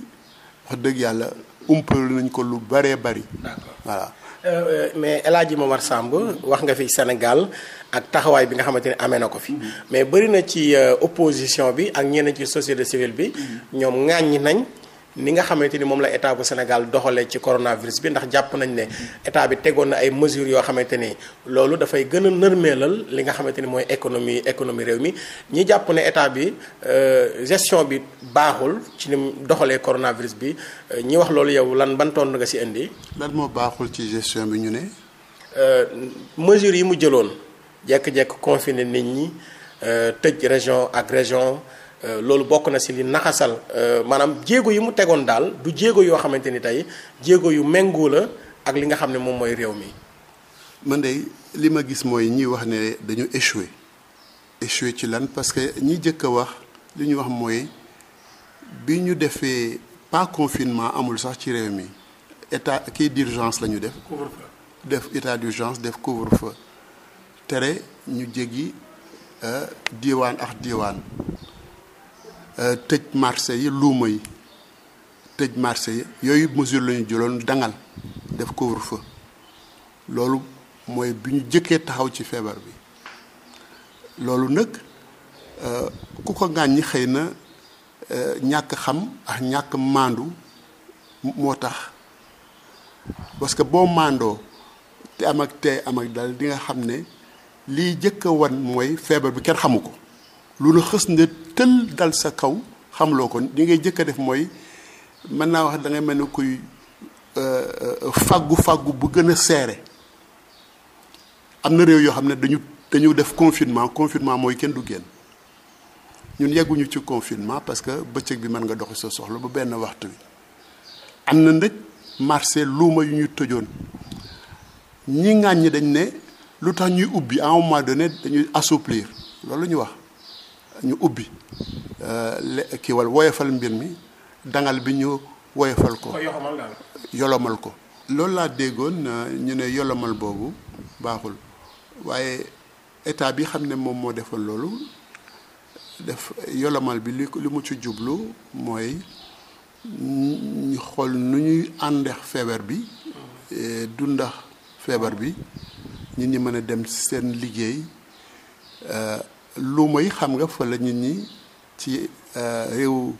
[SPEAKER 2] wax dëgg yàlla umpal nañ ko lu bëree bëri. d'accord voilà. Euh, euh mais El Hadji Momar Samb wax nga fi Sénégal
[SPEAKER 1] ak taxawaay bi nga xamante ne amee na ko fi mm-hmm. mais bëri na ci euh, opposition bi ak ñenn ci société civile bi mm-hmm. ñoom ŋàññi nañ. ni nga xamante ni moom la état bu Sénégal doxalee ci coronavirus bi ndax jàpp nañ ne état bi tegoon na ay mesures yoo xamante ni loolu dafay gën a nërmeelal li nga xamante ni mooy économie économie réew mi ñi jàpp ne état bi euh, gestion bi baaxul ci ni doxalee coronavirus bi euh, ñi wax loolu yow lan ban tontu nga si indi.
[SPEAKER 2] lan moo baaxul ci gestion bi ñu ne.
[SPEAKER 1] Euh, mesures yi mu jëloon jekk-jekk confiner nit ñi tëj région ak région. Euh, loolu bokk na si li naxasal euh, maanaam jéego yi mu tegoon daal du jéego yoo xamante ni tey jéego yu méngoo la ak li nga xam ne moom mooy réew mi.
[SPEAKER 2] man de li ma gis mooy ñuy wax ne dañu échoué échoué ci lan parce que ñi jëkk a wax li ñu wax mooy bi ñu defee pas confinement amul sax ci réew mi état kii d'urgence la ñu def. couvre-feu def état d'urgence def couvre-feu tere ñu jéggi euh, diwaan ak diwaan. Euh, tëj marché yi luuma yi tëj marché yi yooyu mesure la ñu jëloon dangal def couvre-feu loolu mooy bi ñu jëkkee taxaw ci feebar bi loolu nag euh, ku ko ñi xëy na euh, ñàkk xam ak ñàkk maandu moo tax parce que boo màndoo te am ak tey am ak dal di nga xam ne lii jëkk a wan mooy feebar bi kenn xamu ko lu nu xës nga tël dal sa kaw xamloo ko li ngay jëkk a def mooy mën naa wax da ngay mel ni kuy euh, euh, fàggu fàggu bu gën a seere am na réew yoo xam ne dañu dañu def confinement confinement mooy kenn du génn ñun yegguñu ci confinement parce que bëccëg bi mën nga dox sa soxla ba benn waxtu bi am na ndëj marché luuma yu ñu tëjoon ñi ngaañ dañ ne lu tax ñuy ubbi à un moment donné dañuy assouplir loolu ñu wax ñu ubbi kii wal woyofal mbir mi dangal bi ñu woyofal ko yolomal ko loolu laa déggoon euh, ñu ne yolomal boobu baaxul waaye état bi xam ne moom moo defoon loolu def yolomal bi li li mu ci jublu mooy ñu xool nu ñuy àndeex feebar bi dundax feebar bi nit ñi mën a dem seen liggéey euh, lu may xam nga fa la nit ñi ci euh, réew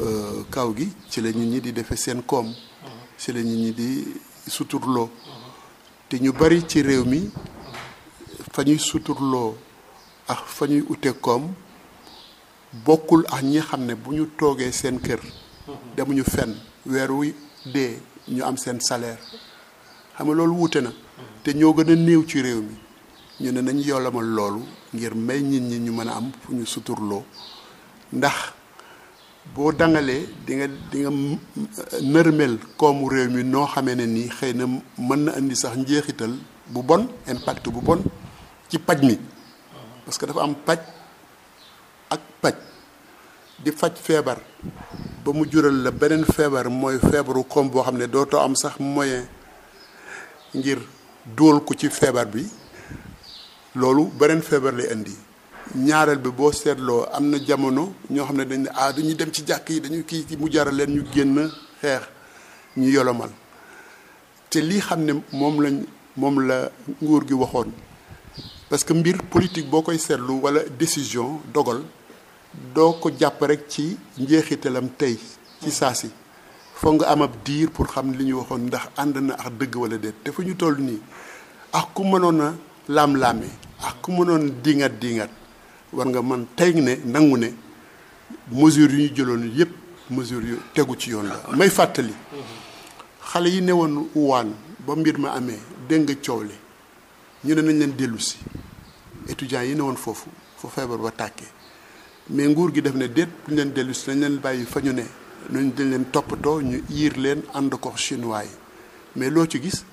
[SPEAKER 2] euh, kaw gi ci la ñi di defe seen koom ci la ñi di suturloo te ñu bari ci réew mi fa ñuy suturloo ak fa ñuy ute koom bokkul ak ñi xam ne bu ñu toogee seen kër demuñu fenn weer wi dee ñu am seen salaire xam nga loolu wuute na te ñoo gën a néew ci réew mi ñu ne nañ yoolamal loolu ngir may nit ñi ñu mën a am fu ñu suturloo ndax boo dangalee di dinga di koomu réew mi noo xamee ne nii xëy na mën na indi sax njeexital bu bon impact bu bon ci paj mi parce que dafa am paj ak paj di faj feebar ba mu jural la beneen feebar mooy feebaru koom boo xam ne dootoo am sax moyen ngir dóol ko ci feebar bi loolu beneen feebar lay indi ñaareel bi boo seetloo am na jamono ñoo xam ne dañ ne ah dañuy dem ci jàkk yi dañuy kii ci mu jaral leen ñu génn xeex ñu yolomal te lii xam ne moom lañ moom la nguur gi waxoon parce que mbir politique boo koy seetlu walla décision dogal doo ko jàpp rekk ci njeexitalam tey ci saa si foog nga am ab diir pour xam li ñu waxoon ndax ànd na ak dëgg walla déet te fu ñu toll nii ak ku mënoon a laam-laame ak ku mënoon dingat dingat war nga man tey ne nangu ne mesures yu ñu jëloon yëpp mesures yu tegu ci yoon la may fàttali xale yi newoon uwaan ba mbir ma amee dégg nga coow li ñu ne nañ leen dellusi si étudiants yi newoon foofu foo feebar ba tàkkee mais nguur gi def ne déet duñ leen dellu si nañ leen bàyyi fa ñu ne nuñ dañ leen toppatoo ñu iir leen ànd ko chinois yi mais loo ci gis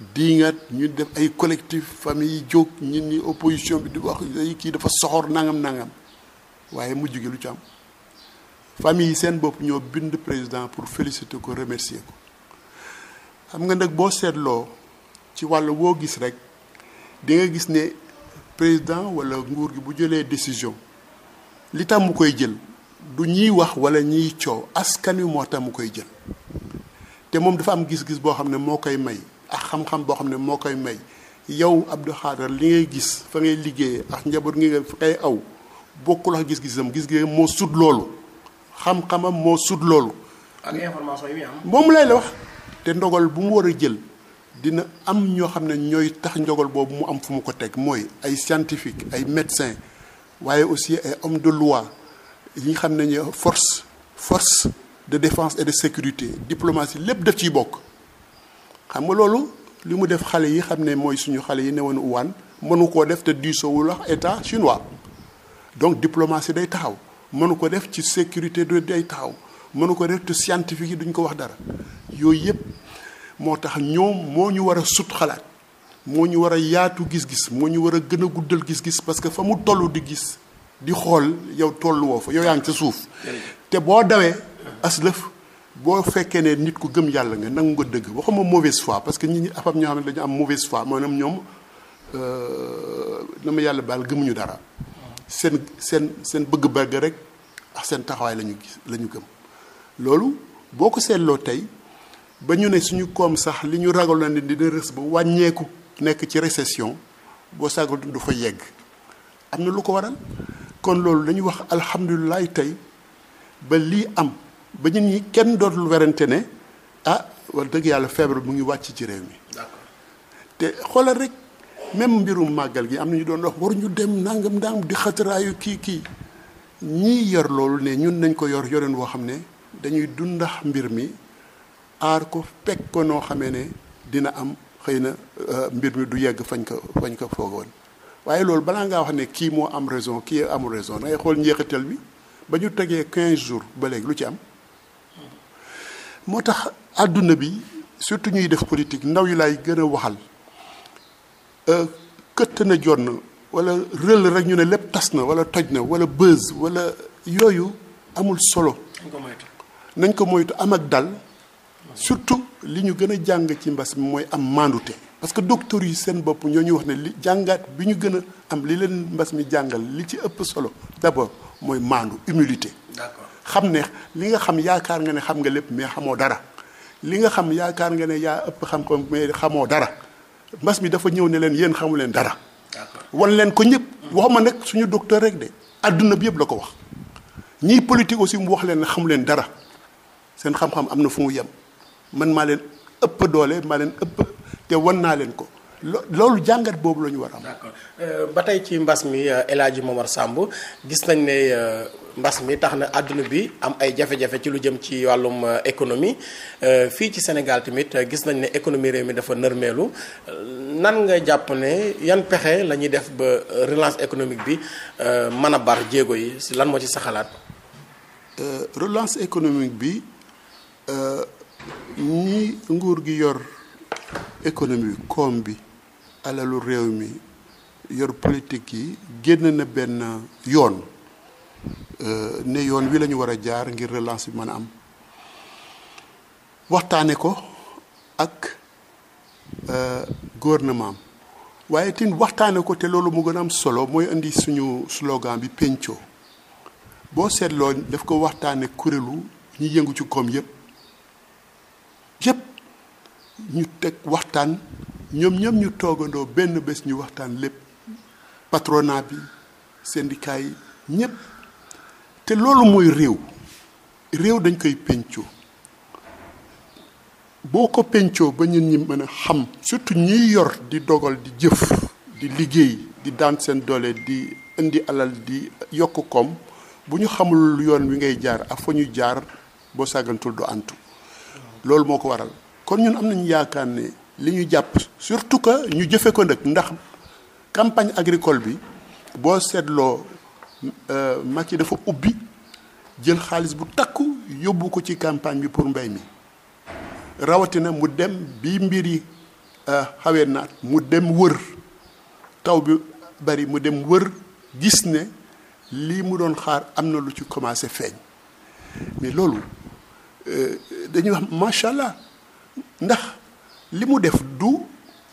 [SPEAKER 2] diingaat ñu def ay collectif famille yi jóg ñun ñi opposition bi di wax kii dafa soxor nangam nangam waaye mujj gi lu ci am famille yi seen bopp ñoo bind président pour féliciter ko remercier ko xam nga nag boo seetloo ci wàll woo gis rek di nga gis ne président wala nguur gi bu jëlee décision li tam mu koy jël du ñiy wax wala ñiy coow askani wi moo tax mu koy jël te moom dafa am gis-gis boo xam ne moo koy may ak xam-xam boo xam ne moo koy may yow Abdou Khadre li ngay gis fa ngay liggéeyee ak njaboot ngi nga fa ngay aw bokkul ak gis-gisam gis-gisam moo sut loolu xam-xamam moo sut loolu.
[SPEAKER 1] ak information yi muy am. moom lay la
[SPEAKER 2] wax te ndogal bu mu war a jël dina am ñoo xam ne ñooy tax ndogal boobu mu am fu mu ko teg mooy ay scientifique ay médecin waaye aussi ay homme de loi yi xam ne force force de défense et de sécurité diplomatie lépp daf ciy bokk. xam nga loolu li mu def xale yi xam ne mooy suñu xale yi newoon uwaan mënu koo def te diisoowul wax état chinois donc diplomatie day taxaw mënu ko def ci sécurité day taxaw mënu ko def te scientifique yi duñ ko wax dara yooyu yëpp moo tax ñoom moo ñu war a sut xalaat moo ñu war a yaatu gis-gis moo ñu war a gën a guddal gis-gis parce que fa mu tollu di gis di xool yow tolluwoo fa yow yaa ngi sa suuf te boo dawee aslëf boo fekkee ne nit ku gëm yàlla nga nangu nga dëgg waxuma mauvaise fois parce que nit ñi xam ne dañu am mauvaise foi maanaam euh, na yàlla baal gëmuñu dara seen seen seen bëgg-bëgg rek ak seen taxawaay lañu gis la gëm loolu boo ko seetloo tey ba ñu ne suñu koom sax li ñu ragaloon ne dina rës ba wàññeeku nekk ci récession boo saagal du fa yegg am na lu ko waral kon loolu dañuy wax alhamdulilah tey ba lii am ba ñu ñi kenn dootul werante ne ah wala dëgg yàlla feebar bu ngi wàcc ci réew mi. te xoolal rek même mbirum màggal gi am na ñu doon wax war ñu dem nangam ndànk di xataraayu kii kii ñii yor loolu ne ñun nañ ko yor yoreen woo xam ne dañuy dundax mbir mi aar ko fekk ko noo xamee ne dina am xëy na euh, mbir mi du yegg fañ ko fañ ko foogoon waaye loolu balaa ngaa wax ne kii moo am raison kii amul raison dangay xool njeexital bi ba ñu tegee 15 jours ba léegi lu ci am. moo tax àdduna bi surtout ñuy def politique ndaw yi laay gën a waxal euh, këtt na jonn wala rël rek ñu ne lépp tas na wala toj na wala buzz wala yooyu amul solo. nañ ko moytu am ak dal. surtout li ñu gën a jàng ci mbas mi mooy am maandute. parce que docteur yi seen bopp ñoo ñu wax ne li jàngaat bi ñu gën a am li leen mbas mi jàngal li ci ëpp solo d'abord mooy maandu humilité. xam ne li nga xam yaakaar nga ne xam nga lépp mais xamoo dara li nga xam yaakaar nga ne yaa ëpp xam ko mais xamoo dara mbas mi dafa ñëw ne leen yéen xamu leen dara. wan leen ko ñëpp. ma nag suñu docteur rek de adduna bi yëpp la ko wax ñii politique aussi mu wax leen ne xamu leen dara seen xam-xam am na fu mu yem man maa leen ëpp doole maa leen ëpp te wan naa leen ko. loolu jàngat boobu la ñu war am. d'accord euh, ba tey ci mbas
[SPEAKER 1] mi euh, El Hadji Momar Samb gis nañ ne euh, mbas mi tax na àdduna bi am ay jafe-jafe ci lu jëm ci wàllum économie fii ci Sénégal tamit gis nañ ne économie réew mi dafa nërmeelu nan nga jàpp ne yan pexe la ñuy def ba relance économique bi mën a bar jéego yi lan moo ci sa xalaat.
[SPEAKER 2] relance économique bi ñi nguur gi yor économie koom bi. alalu réew mi yor politique yi génn na benn yoon euh, ne yoon wi lañu war a jaar ngir relance bi mën a am waxtaane ko ak euh, gouvernement am waaye tin waxtaane ko te loolu mu gën a am solo mooy indi suñu slogan bi penco boo seetloo daf ko waxtaane kuréelu ñu yëngu ci koom yëpp yëpp ñu teg waxtaan ñoom ñoom ñu toggandoo benn bés ñu waxtaan lépp patronat bi syndicat yi ñëpp te loolu mooy réew réew dañ koy pencoo boo ko pencoo ba ñun ñi mën a xam surtout ñiy yor di dogal di jëf di liggéey di daan seen doole di indi alal di yokk koom bu ñu xamul yoon wi ngay jaar ak fa ñu jaar boo sàggantul du antu loolu moo ko waral kon ñun am nañu yaakaar ne li ñu jàpp surtout que ñu jëfe ko nag ndax campagne agricole bi boo seetloo euh, Macky dafa ubbi jël xaalis bu takku yóbbu ko ci campagne bi pour mbay mi rawatina mu dem bi mbir yi euh, xawee naat mu dem wër taw bi bari mu dem wër gis ne lii mu doon xaar am na lu ci commencé feeñ mi loolu euh, dañuy wax macha allah ndax li mu def du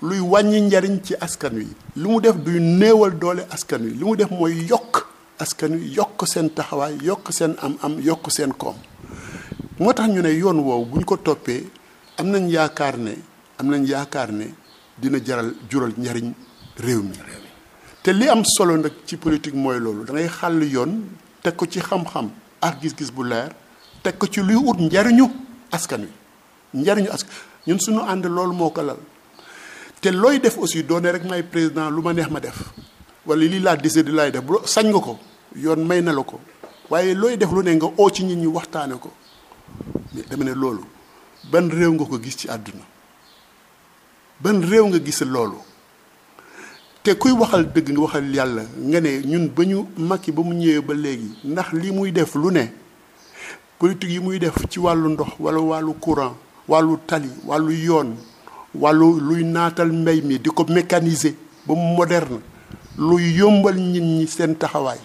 [SPEAKER 2] luy wàññi njariñ ci askan wi li mu def duy néewal doole askan wi li mu def mooy yokk askan wi yokk seen taxawaay yokk seen am-am yokk seen koom moo tax ñu ne yoon woowu bu ñu ko toppee am nañ yaakaar ne am nañ yaakaar ne dina jaral jural njariñ réew mi te li am solo nag ci politique mooy loolu da ngay xàll yoon teg ko ci xam-xam ak gis-gis bu leer teg ko ci luy ut njariñu askan wi njariñu askan ñun suñu ànd loolu moo ko lal te looy def aussi doone rek may président lu ma neex ma def wala lii laa di laay def bu sañ nga ko yoon may na la ko waaye looy def lu ne nga oo ci nit ñi waxtaane ko mais dama ne loolu ban réew nga ko gis ci àdduna ban réew nga gis loolu te kuy waxal dëgg nga waxal yàlla nga ne ñun ba ñu mag yi ba mu ñëwee ba léegi ndax lii muy def lu ne politique yi muy def ci wàllu ndox wala wàllu courant wàllu tali wàllu yoon wàllu luy naatal mbéy mi di ko mécaniser ba mu moderne luy yombal nit ñi seen taxawaay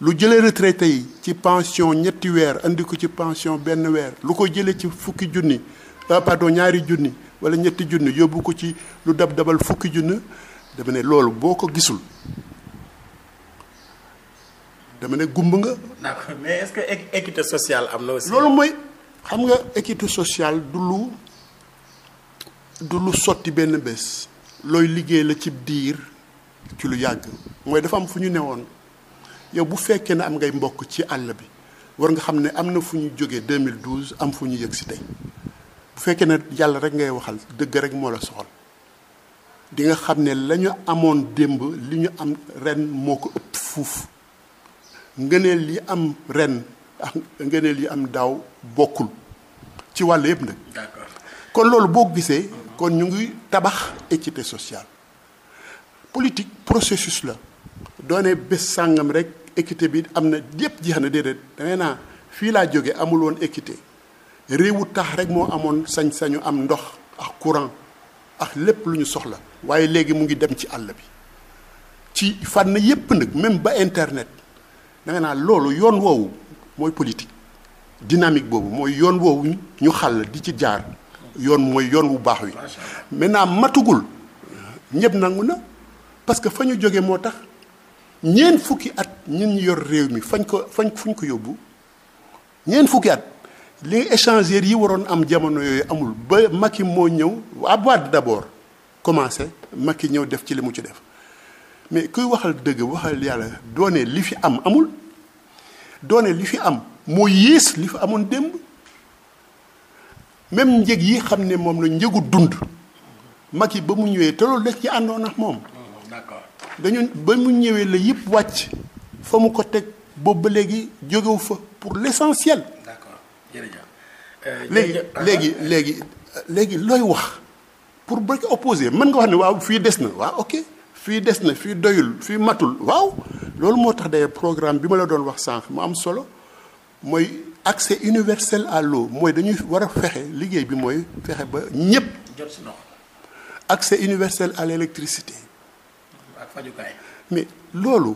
[SPEAKER 2] lu jële retraité yi ci pension ñetti weer indi ko ci pension benn weer lu ko jëlee ci fukki junni euh, pardon ñaari junni wala ñetti junni yóbbu ko ci lu dab dabal fukki junni dama ne loolu boo ko gisul dama ne gumb nga.
[SPEAKER 1] d'accord mais est-ce que équité sociale am na loolu
[SPEAKER 2] mooy. xam nga équité sociale du lu du lu sotti benn bés looy liggéey la cib diir ci lu yàgg mooy dafa am fu ñu newoon yow bu fekkee ne am ngay mbokk ci àll bi war nga xam ne am na fu ñu jógee 2012 am fu ñu yëg si tey bu fekkee na yàlla rek ngay waxal dëgg rek moo la soxal di nga xam ne lañu amoon démb li ñu am ren moo ko ëpp fuuf ngëneel li am ren ak ngëneel yi am daaw bokkul ci wàll yëpp nag. kon loolu boo gisee. kon ñu ngi tabax équité sociale. politique processus la doone bés sàngam rek équité bi am na yëpp jeex na déedéet dangay naa fii laa jóge amul woon équité réewu tax rek moo amoon sañ-sañu am ndox ak courant ak lépp lu ñu soxla waaye léegi mu ngi dem ci àll bi ci fànn yëpp nag même ba internet danga naa loolu yoon woowu mooy politique dynamique boobu mooy yoon woowu ñu xàll di ci jaar yoon mooy yoon wu baax wi maintenant matugul ñëpp nangu na parce que fa ñu jóge moo tax ñeen fukki at ñun ñu yor réew mi fañ ko fañ fuñ ko yóbbu ñeen fukki at li échangeur yi waroon am jamono yooyu amul ba Macky moo ñëw Aboubacar d'abord commencé Macky ñëw def ci li mu ci def mais kuy waxal dëgg waxal yàlla doone li fi am amul doone li fi am mooy yées li fi amoon démb même njëg yi xam ne moom la njëgu dund mag yi ba mu ñëwee te loolu def ci àndoon ak moom d'accord dañu ba mu ñëwee la yëpp wàcc fa mu ko teg boobu ba léegi jógewu fa pour l'essentiel d'accord
[SPEAKER 1] jërëjëf euh,
[SPEAKER 2] léegi léegi léegi léegi looy wax pour ba ko opposé mën nga wax ne waaw fii des na waa ok fii des na fii doyul fii matul waaw loolu moo tax day programme bi ma la doon wax sànq mu am solo mooy accès universel à l'eau mooy dañuy war a fexe liggéey bi mooy fexe ba ñépp jot si ndox accès universel à l'électricité mais loolu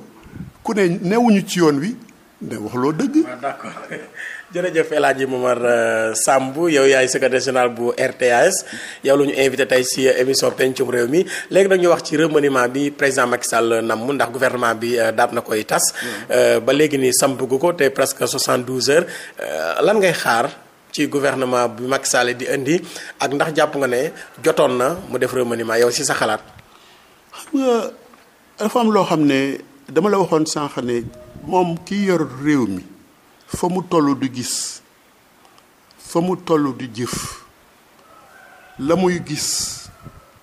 [SPEAKER 2] ku ne newuñu ci yoon wi da wax loo dëgg
[SPEAKER 1] ah, jërëjëf El Hadji Momar euh, Samb yow yaay secrétaire général bu RTAS yow la ñu invité tey si émission pencum réew mi léegi nag ñu wax ci remaniement bi président Macky Sall namm ndax gouvernement bi euh, daat na koy tas. Euh, ba léegi nii sampagu ko te presque 72 heures lan ngay xaar ci gouvernement bi Macky Sall di indi ak ndax jàpp nga ne jotoon na mu
[SPEAKER 2] def remaniement yow si sa xalaat. xam nga loo xam ne dama la waxoon sànq ne moom kii yor réew mi. fa mu tollu du gis fa mu tollu du jëf la muy gis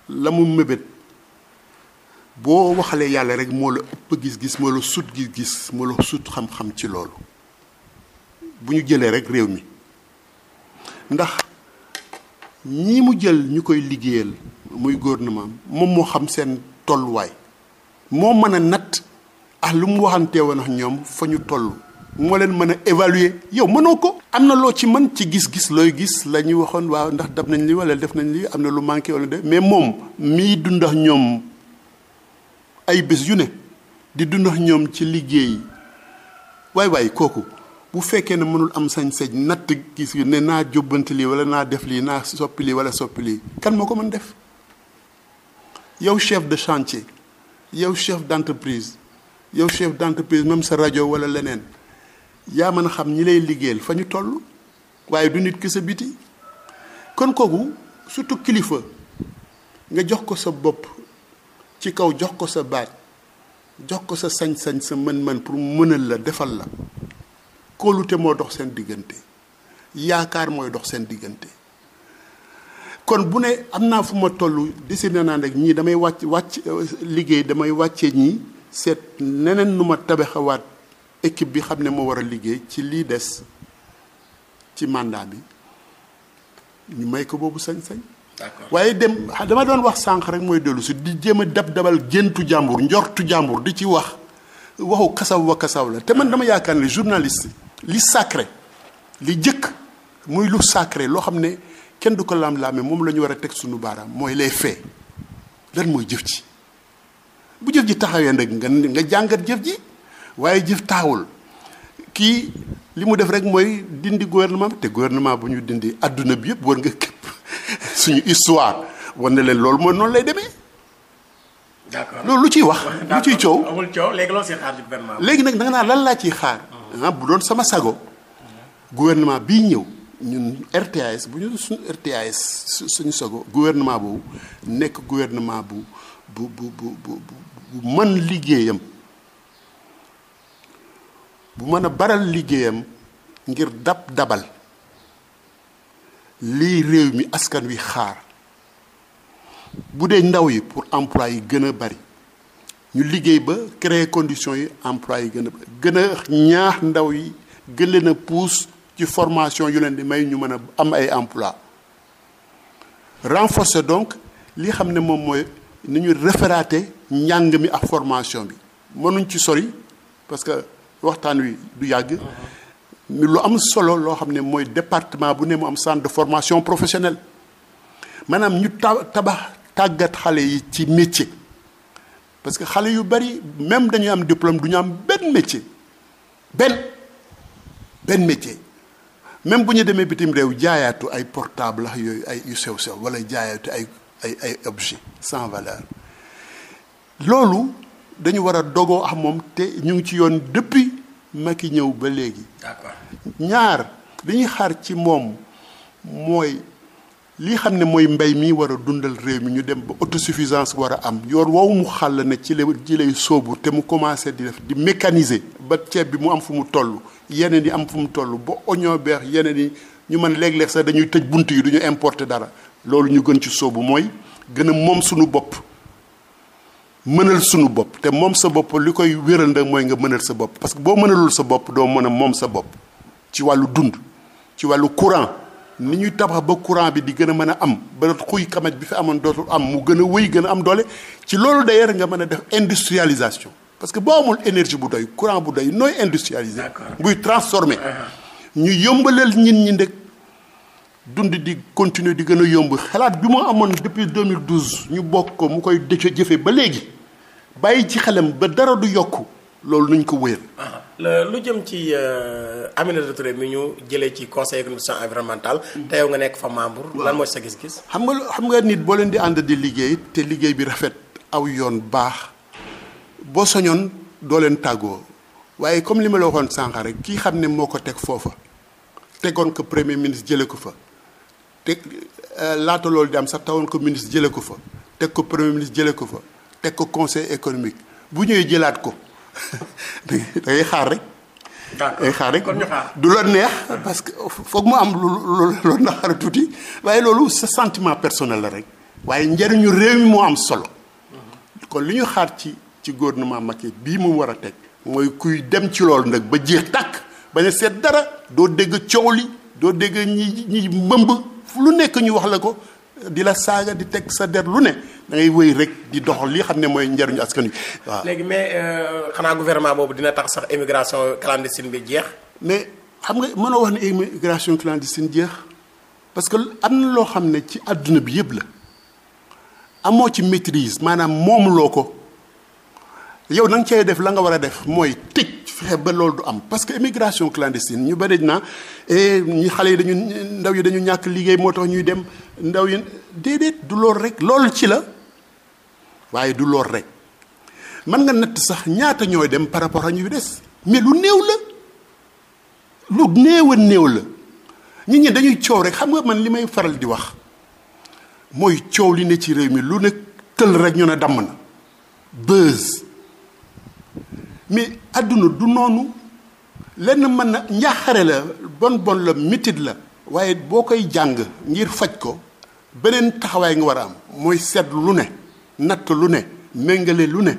[SPEAKER 2] la mu mébét boo waxalee yàlla rek moo la ëpp gis-gis moo la sut gis-gis moo la sut xam-xam ci loolu bu ñu jëlee rek réew mi ndax ñii mu jël ñu koy liggéeyal muy góor gouvernement moom moo xam seen tolluwaay moo mën a natt ak ah lu mu waxantee woon ñoom fa ñu toll moo leen mën a évaluer yow mënoo ko. am na loo ci mën ci gis-gis looy gis la ñuy waxoon waaw ndax dab nañ li wala def nañ lii am na lu manqué wala de mais moom mii dundax ñoom ay bés yu ne di dundax ñoom ci liggéey waay waay kooku bu fekkee ne mënul am sañ-sañ natt gis yu ne naa jubbanti lii wala naa def lii naa soppi lii wala soppi lii kan moo ko mën def yow chef de chantier yow chef d'entreprise yow chef d'entreprise même sa rajo wala leneen. yaa mën a xam ñi lay liggéeyal fa ñu toll waaye du nit ki sa biti kon kooku surtout kilifa nga jox ko sa bopp ci kaw jox ko sa baat jox ko sa sañ-sañ sa mën man pour mënal la defal la kóolute moo dox seen diggante yaakaar mooy dox seen diggante kon bu ne am naa fu ma toll décidé naa rek ñii damay wàcc wàcc liggéey damay wàcce ñi seet neneen nu ma tabaxawaat équipe bi xam ne moo war a liggéey ci lii des ci mandat bi ñu may ko boobu sañ-sañ. waaye dem dama doon wax sànq rek mooy dellu si di jéem a dab dabal géntu jàmbur njortu jàmbur di ci wax waxu kasaw wa kasaw la te man dama yaakaar ne journalist li sacré li jëkk muy lu sacré loo xam ne kenn du ko lam-laame moom la war a teg suñu baaraam mooy les faits lan mooy jëf ji bu jëf ji taxawee nag nga nga jàngat jëf ji. waaye jëf taawul kii li mu def rek mooy dindi gouvernement te guvernement bu ñu dindi adduna bi yëpp war nga képp suñu histoire war na leen loolu mooy noonu lay deme d'accord loolu lu ciy wax. lu ciy coow
[SPEAKER 1] amul coow léegi loolu seen xaar ci léegi
[SPEAKER 2] nag da nga naan lan laa ciy xaar. Mm-hmm. ah bu doon sama sago. gouvernement bii ñëw ñun RTAS bu ñu suñu RTAS suñu sago gouvernement boobu nekk gouvernement bu bu bu bu bu bu mën liggéeyam. bu mën a baral liggéeyam ngir dab dabal lii réew mi askan wi xaar bu dee ndaw yi pour emploi yi gën a bari ñu liggéey ba créer conditions yi emploi yi gën a gën a ñaax ndaw yi gën leen a ci formation yu leen di may ñu mën a am ay emploi renforcer donc li xam ne moom mooy ni ñu référaté njàng mi ak formation bi mënuñ ci sori parce waxtaan wi du yàgg. lu am solo loo xam ne mooy département bu ne mu am centre de formation professionnelle maanaam ñu ta tabax tàggat xale yi ci métier. parce que xale yu bari même dañuy am diplôme du ñu am benn métier benn benn métier même bu ñu demee bitim réew jaayaatu ay portable yooyu ay yu sew sew wala jaayaatu ay ay ay objet sans valeur loolu. dañu war a dogoo am moom te ñu ngi ci yoon depuis Macky ñëw ba léegi. ñaar li ñuy xaar ci moom mooy li xam ne mooy mbay mii war a dundal réew mi ñu dem ba autosuffisance war a am yoon woowu mu xàll ne ci lay ci lay te mu commencé di def di mécaniser ba ceeb bi mu am fu mu toll yeneen yi am fu mu toll ba oignon beex yeneen yi ñu mën léeg-léeg sax dañuy tëj bunt yi duñu ñu dara loolu ñu gën ci sóobu mooy gën a moom suñu bopp. mënal suñu bopp te moom sa bopp li koy wéral nag mooy nga mënal sa bopp parce que boo mënalul sa bopp doo mën a moom sa bopp ci wàllu dund ci wàllu courant ni ñuy tabax ba courant bi di gën a mën a am ba xuy kamaj bi fi amoon dootul am mu gën a wëy gën a am doole ci loolu d'ailleurs nga mën a def industrialisation parce que boo amul énergie bu doy courant bu doy nooy industrialiser buy transformer uh-huh. ñu yombalal ñin ñi ndek dund di continuer di gën a yomb xalaat bi mu amoon depuis 2012 ñu bokk ko mu koy dëcc jëfe ba léegi bàyyi ci xelam ba dara du yokk loolu nuñ ko wéyal. Ah,
[SPEAKER 1] lu jëm ci euh, Aminata Touré mi ñu jëlee ci conseil économique environnemental. Mm. te yow nga nekk fa membre. lan mooy sa gis-gis.
[SPEAKER 2] xam nga xam nga nit boo leen di ànd di liggéey te liggéey bi rafet aw yoon baax boo soñoon doo leen tàggoo waaye comme li ma la waxoon sànq kii xam ne moo ko teg foofa tegoon ko premier ministre jëlee ko fa teg euh, laata loolu di am sax tawoon ko ministre jëlee ko fa teg ko premier jëlee ko fa. teg ko conseil économique bu ñëwee jëlaat ko da xaar rek. day xaar rek du la neex parce que foog mu am lu lu naxara tuuti waaye loolu sa sentiment personnel la rek waaye njëriñu réew mi moo am solo kon li ñu xaar ci ci gouvernement Macky bii mu war a teg mooy kuy dem ci loolu nag ba jeex tàkk ba a seet dara doo dégg coow li doo dégg ñi ñi mbëmb lu nekk ñu wax la ko di la saaga di teg sa der lu ne da ngay wéy rek di doxal li xam ne mooy njariñu askan wi waaw. léegi mais euh,
[SPEAKER 1] xanaa gouvernement boobu dina tax sax immigration clandestine bi jeex.
[SPEAKER 2] mais xam nga mënoo wax ne immigration clandestine jeex parce que am na loo xam ne ci àdduna bi yëpp la amoo ci maîtrise maanaam moomuloo ko yow na cee def la nga war a def mooy tëj fexe ba loolu du am parce que immigration clandestine ñu bëri na e eh, ñi xale yi dañu ndaw yi dañu ñàkk liggéey moo tax ñuy dem ndaw yi déedéet du loolu rek loolu ci la. waaye du lool rek mën nga natt sax ñaata ñooy dem par rapport ak ñu des mais lu néew la lu néew a néew la nit ñi dañuy coow rek xam nga man li may faral di wax mooy coow li ne ci réew mi lu ne tël rek ñu ne damm na buzz mais àdduna du noonu lenn mën na njaaxare la bon bon la mitit la waaye boo koy jàng ngir faj ko beneen taxawaay nga war a am mooy seetlu lu ne natt lu ne méngale lu ne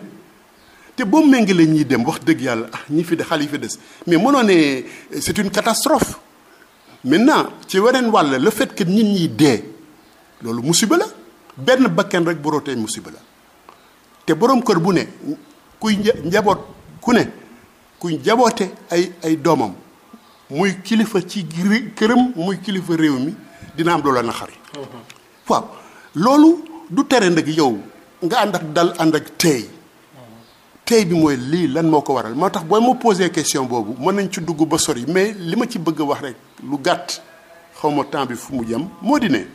[SPEAKER 2] te boo méngalee ñiy dem wax dëgg yàlla ah ñi fi de xale fi des mais mënoo ne euh, c'est une catastrophe maintenant ci weneen wàll le fait nit ñi dee loolu musiba la benn bakkan rek bu rootee musiba la te boroom kër bu ne kuy njaboot ku ne kuy njaboote ay ay doomam muy kilifa ci këram muy kilifa réew mi dina am loola naqari waaw loolu du tere nag yow nga ànd ak dal ànd ak tey tey bi mooy lii lan moo ko waral moo tax booy ma posé question boobu mën nañ ci dugg ba sori mais li ma ci bëgg a wax rek lu gàtt xaw ma temps bi fu mu jëm moo di ne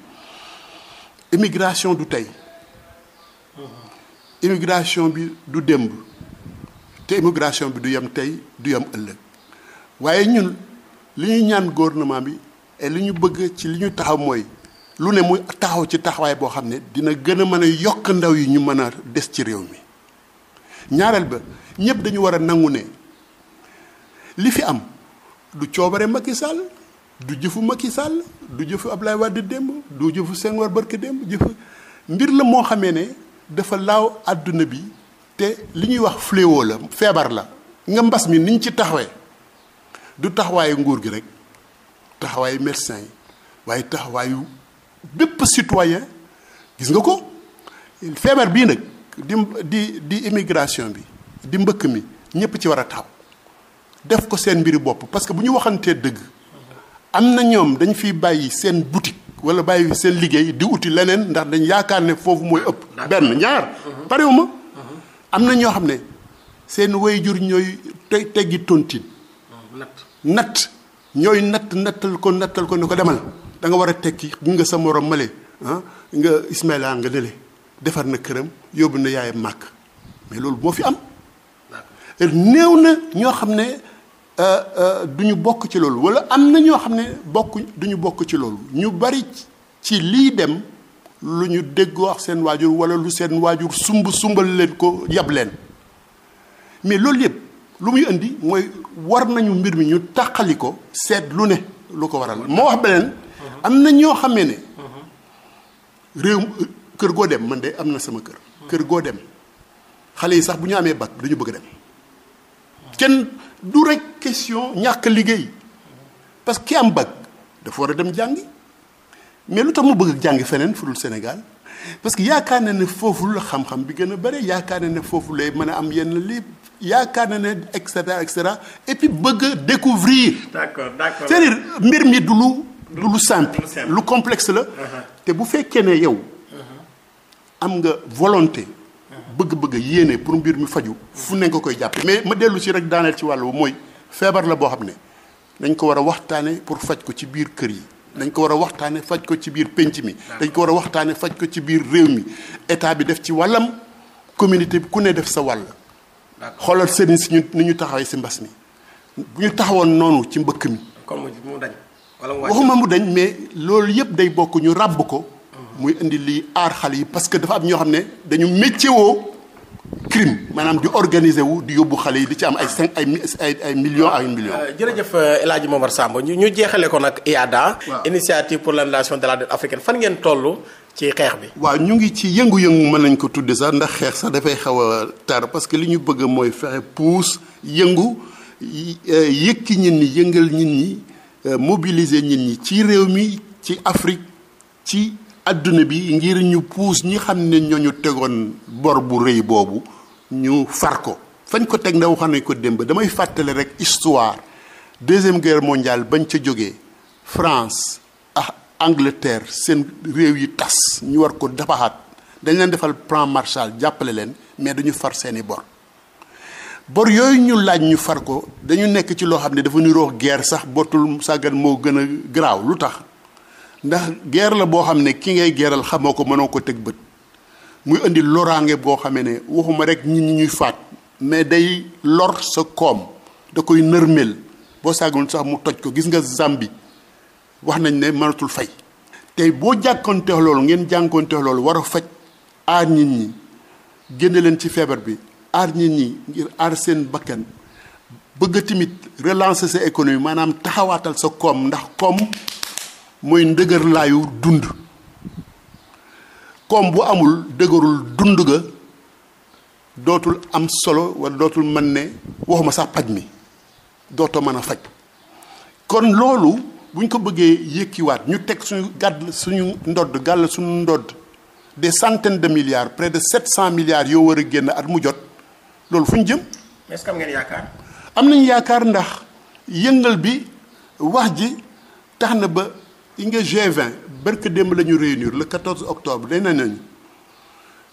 [SPEAKER 2] immigration du tey immigration bi du démb te immigration bi du yem tey du yem ëllëg waaye ñun li ñu ñaan gouvernement bi et li ñu bëgg ci li ñu taxaw mooy lu ne mu taxaw ci taxawaay boo xam ne dina gën a mën a yokk ndaw yi ñu mën a des ci réew mi ñaareel ba ñëpp dañu war a nangu ne li fi am du coobare Macky Sall du jëfu Macky Sall du jëfu Abdoulaye Wade démb du jëfu Senghor barke démb jëfu mbir la moo xamee ne dafa laaw àdduna bi te li ñuy wax fléau la feebar la nga mbas mi niñ ci taxawee du taxawaayu nguur gi rek taxawaayu médecin yi waaye taxawaayu bépp citoyen gis nga ko feebar bii nag di di di immigration bi di mbëkk mi ñëpp ci war a taw def ko seen mbiri bopp parce que bu ñu waxantee dëgg am na ñoom dañ fiy bàyyi seen boutique wala bàyyi seen liggéey di wuti leneen ndax dañ yaakaar ne foofu mooy ëpp benn ñaar mhm. parewuma mhm. am na ñoo xam ne seen waajur ñooy te teggi tontine
[SPEAKER 1] mhm.
[SPEAKER 2] natt ñooy natt nattal ko nattal ko ne ko demal danga war a tekki nga sa morom male ah nga Ismaïla nga lële defar na këram yóbbu na yaayam màkk mais loolu moo fi am néew na ñoo xam ne euh, euh, du ñu bokk ci loolu walla am na ñoo xam ne bokk du ñu bokk ci loolu ñu bari ci liy dem lu ñu déggoo ak seen waajur walla lu seen waajur sumb sumbal leen ko yab leen mais loolu yëpp lu muy indi mooy war nañu mbir mi ñu taqali ko seet lu ne lu ko waral moo wax beneen am na ñoo xamee ne. réew kër goo dem man de am na sama kër. kër goo dem xale yi sax bu ñu amee bac dañu bëgg a dem. kenn du rek question ñàkk liggéey parce que am bac dafa war a dem jàngi mais lu tax mu bëgg jàngi feneen fu dul Sénégal parce que yaakaar na ne foofu la xam-xam bi gën a bare yaakaar na ne foofu lay mën a am yenn lépp yaakaar na ne et cetera et puis bëgg a découvrir.
[SPEAKER 1] d'accord d'accord mbir mi du
[SPEAKER 2] du lu simple lu complexe la uh-huh. te bu fekkee ne yow uh-huh. am nga volonté uh-huh. bëgg-bëgg yéene pour mbir mi faju fu ne nga koy jàppe mais ma dellu si rek daaneel ci wàllu mooy feebar la boo xam ne dañ ko war a waxtaane pour faj ko ci biir kër yi dañ ko war a waxtaane faj ko ci biir pénc mi dañ ko war a waxtaane faj ko ci biir réew mi état bi def ci wàllam communité bi ku ne def sa wàll xoolal sëriñ si ñu ni ñu taxawee si mbas mi bu ñu taxawoon noonu ci mbëkk mi comme mu waxuma mu dañ mais loolu yëpp day bokk ñu ràbb ko muy indi li aar xale yi parce que dafa am ñoo xam ne dañu métier woo crime maanaam di organiser wu di yóbbu xale yi di ci am ay cinq ay ay ay millions ay millions. Euh, jërëjëf euh, El Hadj Momar Samb ñu ñu jeexale ko nag IADA.
[SPEAKER 1] initiative pour l'annulation de la dette fan ngeen toll ci xeex bi.
[SPEAKER 2] waaw ñu ngi ci yëngu-yëngu mën nañ ko tudde sax ndax xeex sax dafay xew a tar parce que li ñu bëgg mooy fexe puus yëngu euh, yëkki ñin ñi yëngal ñin ñi Euh, mobiliser nit ñi ci réew mi ci Afrique ci àdduna bi ngir ñu puus ñi xam ne ñoo ñu tegoon bor bu rëy boobu ñu far ko fañ ko teg na xam nañ ko démb damay fàttale rek histoire deuxième guerre mondiale bañ ca jógee France ah Angleterre seen réew yi tas ñu war ko dafaxaat dañ leen defal plan Marshall jàppale leen mais dañu far seeni bor bor yooyu ñu laaj ñu far ko dañu nekk ci loo xam ne dafa niroo guerre sax bottul sàggan moo gën a garaaw lu tax ndax guerre la boo xam ne ki ngay geeral xamoo ko mënoo ko teg bët muy indi loraange boo xamee ne waxuma rek nit ñi ñuy faat mais day lor sa koom da koy nërmeel boo sàgganul sax mu toj ko gis nga Zambie wax nañ ne mënatul fay tey boo jàkkoonteex loolu ngeen jànkoonteex loolu war faj aar nit ñi génne leen ci feebar bi aar nit ñi ngir aar seen bakkan bëgg tamit relancer sa économie maanaam taxawaatal sa koom ndax koom mooy ndëgër laayu dund koom bu amul dëgërul dund ga dootul am solo wala dootul mën ne waxuma sax paj mi dootoo mën a faj kon loolu bu ñu ko bëggee yëkkiwaat ñu teg suñu gàdd suñu ndodd gàll suñu ndodd des centaines de milliards près de sept cent milliards yoo war a génn at mu jot loolu fu ñu jëm. mais est-ce am ngeen yaakaar. am nañu yaakaar ndax yëngal bi wax ji tax na ba yi nga G20 barke démb lañu ñu réunir le 14 octobre nee nañu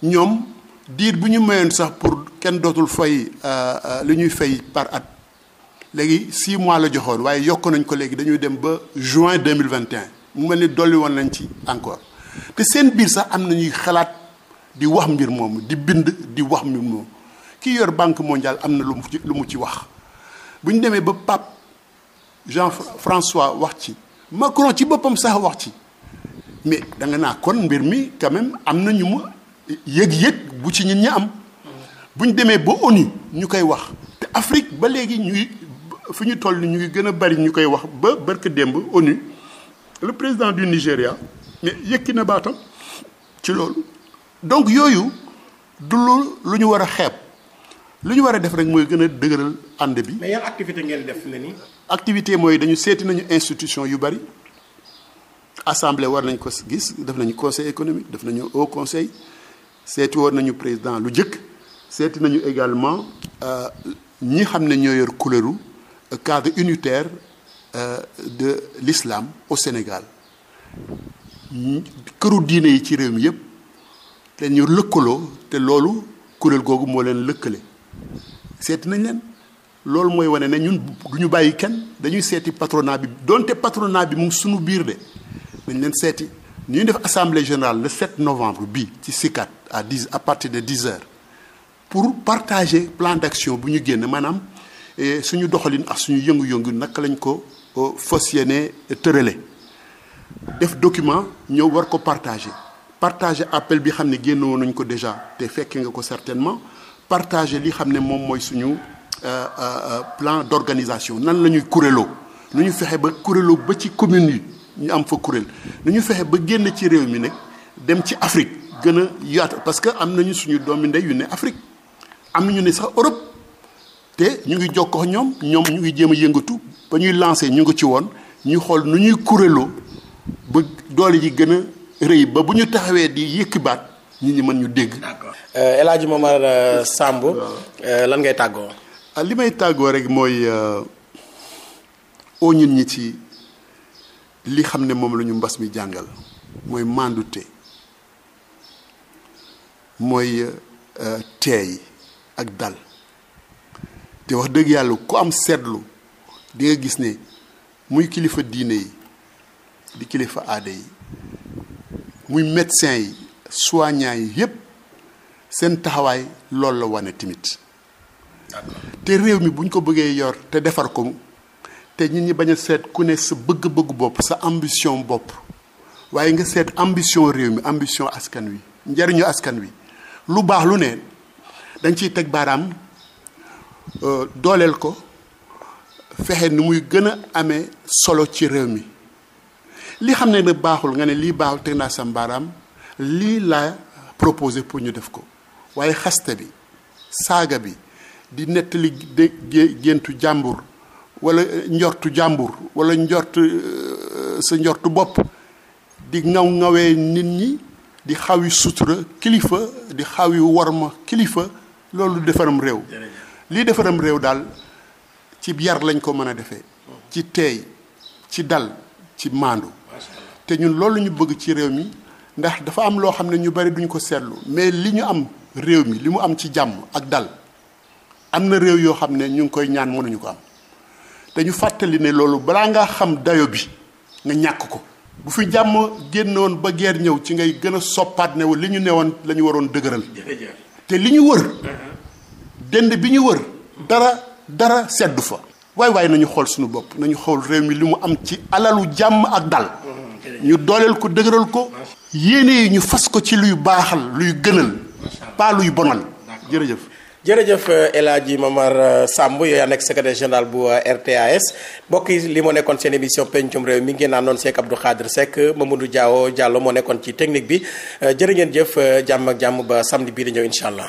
[SPEAKER 2] ñoom diir bu ñu mayoon sax pour kenn dootul fay euh, euh, li ñuy fay par at léegi 6 mois la joxoon waaye yokk nañ ko léegi dañuy dem ba juin 2021 mu mel ni dolli woon nañ ci encore te seen biir sax am na ñuy xalaat di wax mbir moom di bind di wax mbir moomu. ki yor banque mondiale am na lu mu ci lu mu ci wax bu ñu demee ba Pape Jean François wax ci Macron ci boppam sax wax ci mais danga nga naa kon mbir mi quand am na ñu mu yëg-yëg bu ci ñun ñi am bu ñu demee ba ONU ñu koy wax te Afrique ba léegi ñuy fi ñu toll ñuy ngi gën a bari ñu koy wax ba barke démb ONU le président du Nigéria mais yëkki na baatam ci loolu donc yooyu du lu lu ñu war a xeeb lu ñu war a def rek mooy gën a dëgëral ànd bi. mais activité ngeen def ne ni. mooy dañu seeti nañu institution yu bari assemblée war nañ ko gis def nañu conseil économique def nañu haut conseil seeti woon nañu président lu jëkk seeti nañu également euh, ñi xam ne ñoo yor couleuru euh, cadre unitaire euh, de l'islam au Sénégal këru diine yi ci réew mi yëpp te ñu lëkkaloo te loolu kuréel googu moo leen lëkkale. seeti nañ leen loolu mooy wane ne ñun du ñu bàyyi kenn dañuy seeti patronat bi donte patronat bi mu ngi suñu biir de nañ leen seeti ñuy def assemblée générale le 7 novembre bi ci SICAT à 10 à partir de 10 heures pour partager plan d'action bu ñu génn maanaam eh, suñu doxalin ak suñu yëngu-yëngu naka lañ ko eh, fas yéene tërale def document ñëw war ko partager partager appel bi xam ne génn woon nañ ko déjà te fekke nga ko certainement partager li xam ne moom mooy suñu euh, euh, euh, plan d'organisation nan la ñuy kuréeloo nu ñu fexe ba kuréeloo ba ci commune yi ñu am fa kuréel nu ñu fexe ba génn ci réew mi nag dem ci Afrique gën a yaatu parce que am nañu suñu doomi ndey yu ne Afrique am na ñu ne sax Europe te ñu ngi jokkoo ñoom ñoom ñu ngi jéem a yëngatu ba ñuy lancé ñu ngi ci woon ñuy xool nu ñuy kuréeloo ba doole ji gën a rëy ba bu ñu taxawee di yëkki baat nit ñi mën ñu dégg. d'accord euh, El Hadj Momar euh, Samb euh, lan ngay tàggoo. Ah, li may tàggoo rek mooy oo ñun ñi ci li xam ne moom la ñu mbas mi jàngal mooy mandute mooy teey ak dal te wax dëgg yàlla ku am seetlu di gis ne muy kilifa diine yi di kilifa aada yi muy médecin yi. soignants yi yépp seen taxawaay loolu la wane timit te réew mi bu ñu ko bëggee yor te defar ko te nit ñi bañ seet ku ne sa bëgg-bëgg bopp sa ambition bopp waaye nga seet ambition réew mi ambition askan wi njariñu askan wi lu baax lu ne dañ ciy teg baaraam euh, dooleel ko fexe ni muy gën a amee solo ci réew mi li xam ne ne baaxul nga ne lii baaxul teg naa sam baaraam lii laa proposé pour ñu def ko waaye xaste bi saaga bi di nettali géntu jàmbur walla njortu jàmbur wala njort euh, sa njortu bopp di ngaw ngawee nit ñi di xawi sutura kilifa di xawi warma kilifa loolu defaram réew lii defaram réew daal ci yar lañ ko mën a defee oh. ci teey ci dal ci maandu te ñun loolu ñu bëgg ci réew mi ndax dafa am loo xam ne ñu bari duñu ko seetlu mais li ñu am réew mi li mu am ci jàmm ak dal am na réew yoo xam ne ñu ngi koy ñaan mënuñu ko am te ñu fàttali ne loolu balaa ngaa xam dayo bi nga ñàkk ko bu fi jàmm génnoon ba guerre ñëw ci ngay gën a soppaat ne li ñu newoon la ñu waroon dëgëral te li ñu wër
[SPEAKER 1] uh-huh.
[SPEAKER 2] dend bi ñu wër dara dara seddu fa waay waay nañu xool suñu bopp nañu xool réew mi li mu am ci alalu jàmm ak dal uh-huh. ñu dooleel ko dëgëral ko yéene yi ñu fas ko ci luy baaxal luy gënal pas luy bonal
[SPEAKER 1] jërëjëf jërëjëf euh, El Hadji Momar euh, Samb yooyu nekk secrétaire général bu euh, RTAS mbokk yi li moo nekkoon seen émission pencum réew mi ngeen àndoon Seck Abdou Khadre Seck Mamadou Diawo Diallo moo nekkoon ci technique bi jërë ngeen jëf jàmm ak jàmm ba samedi bii di ñëw incha allah.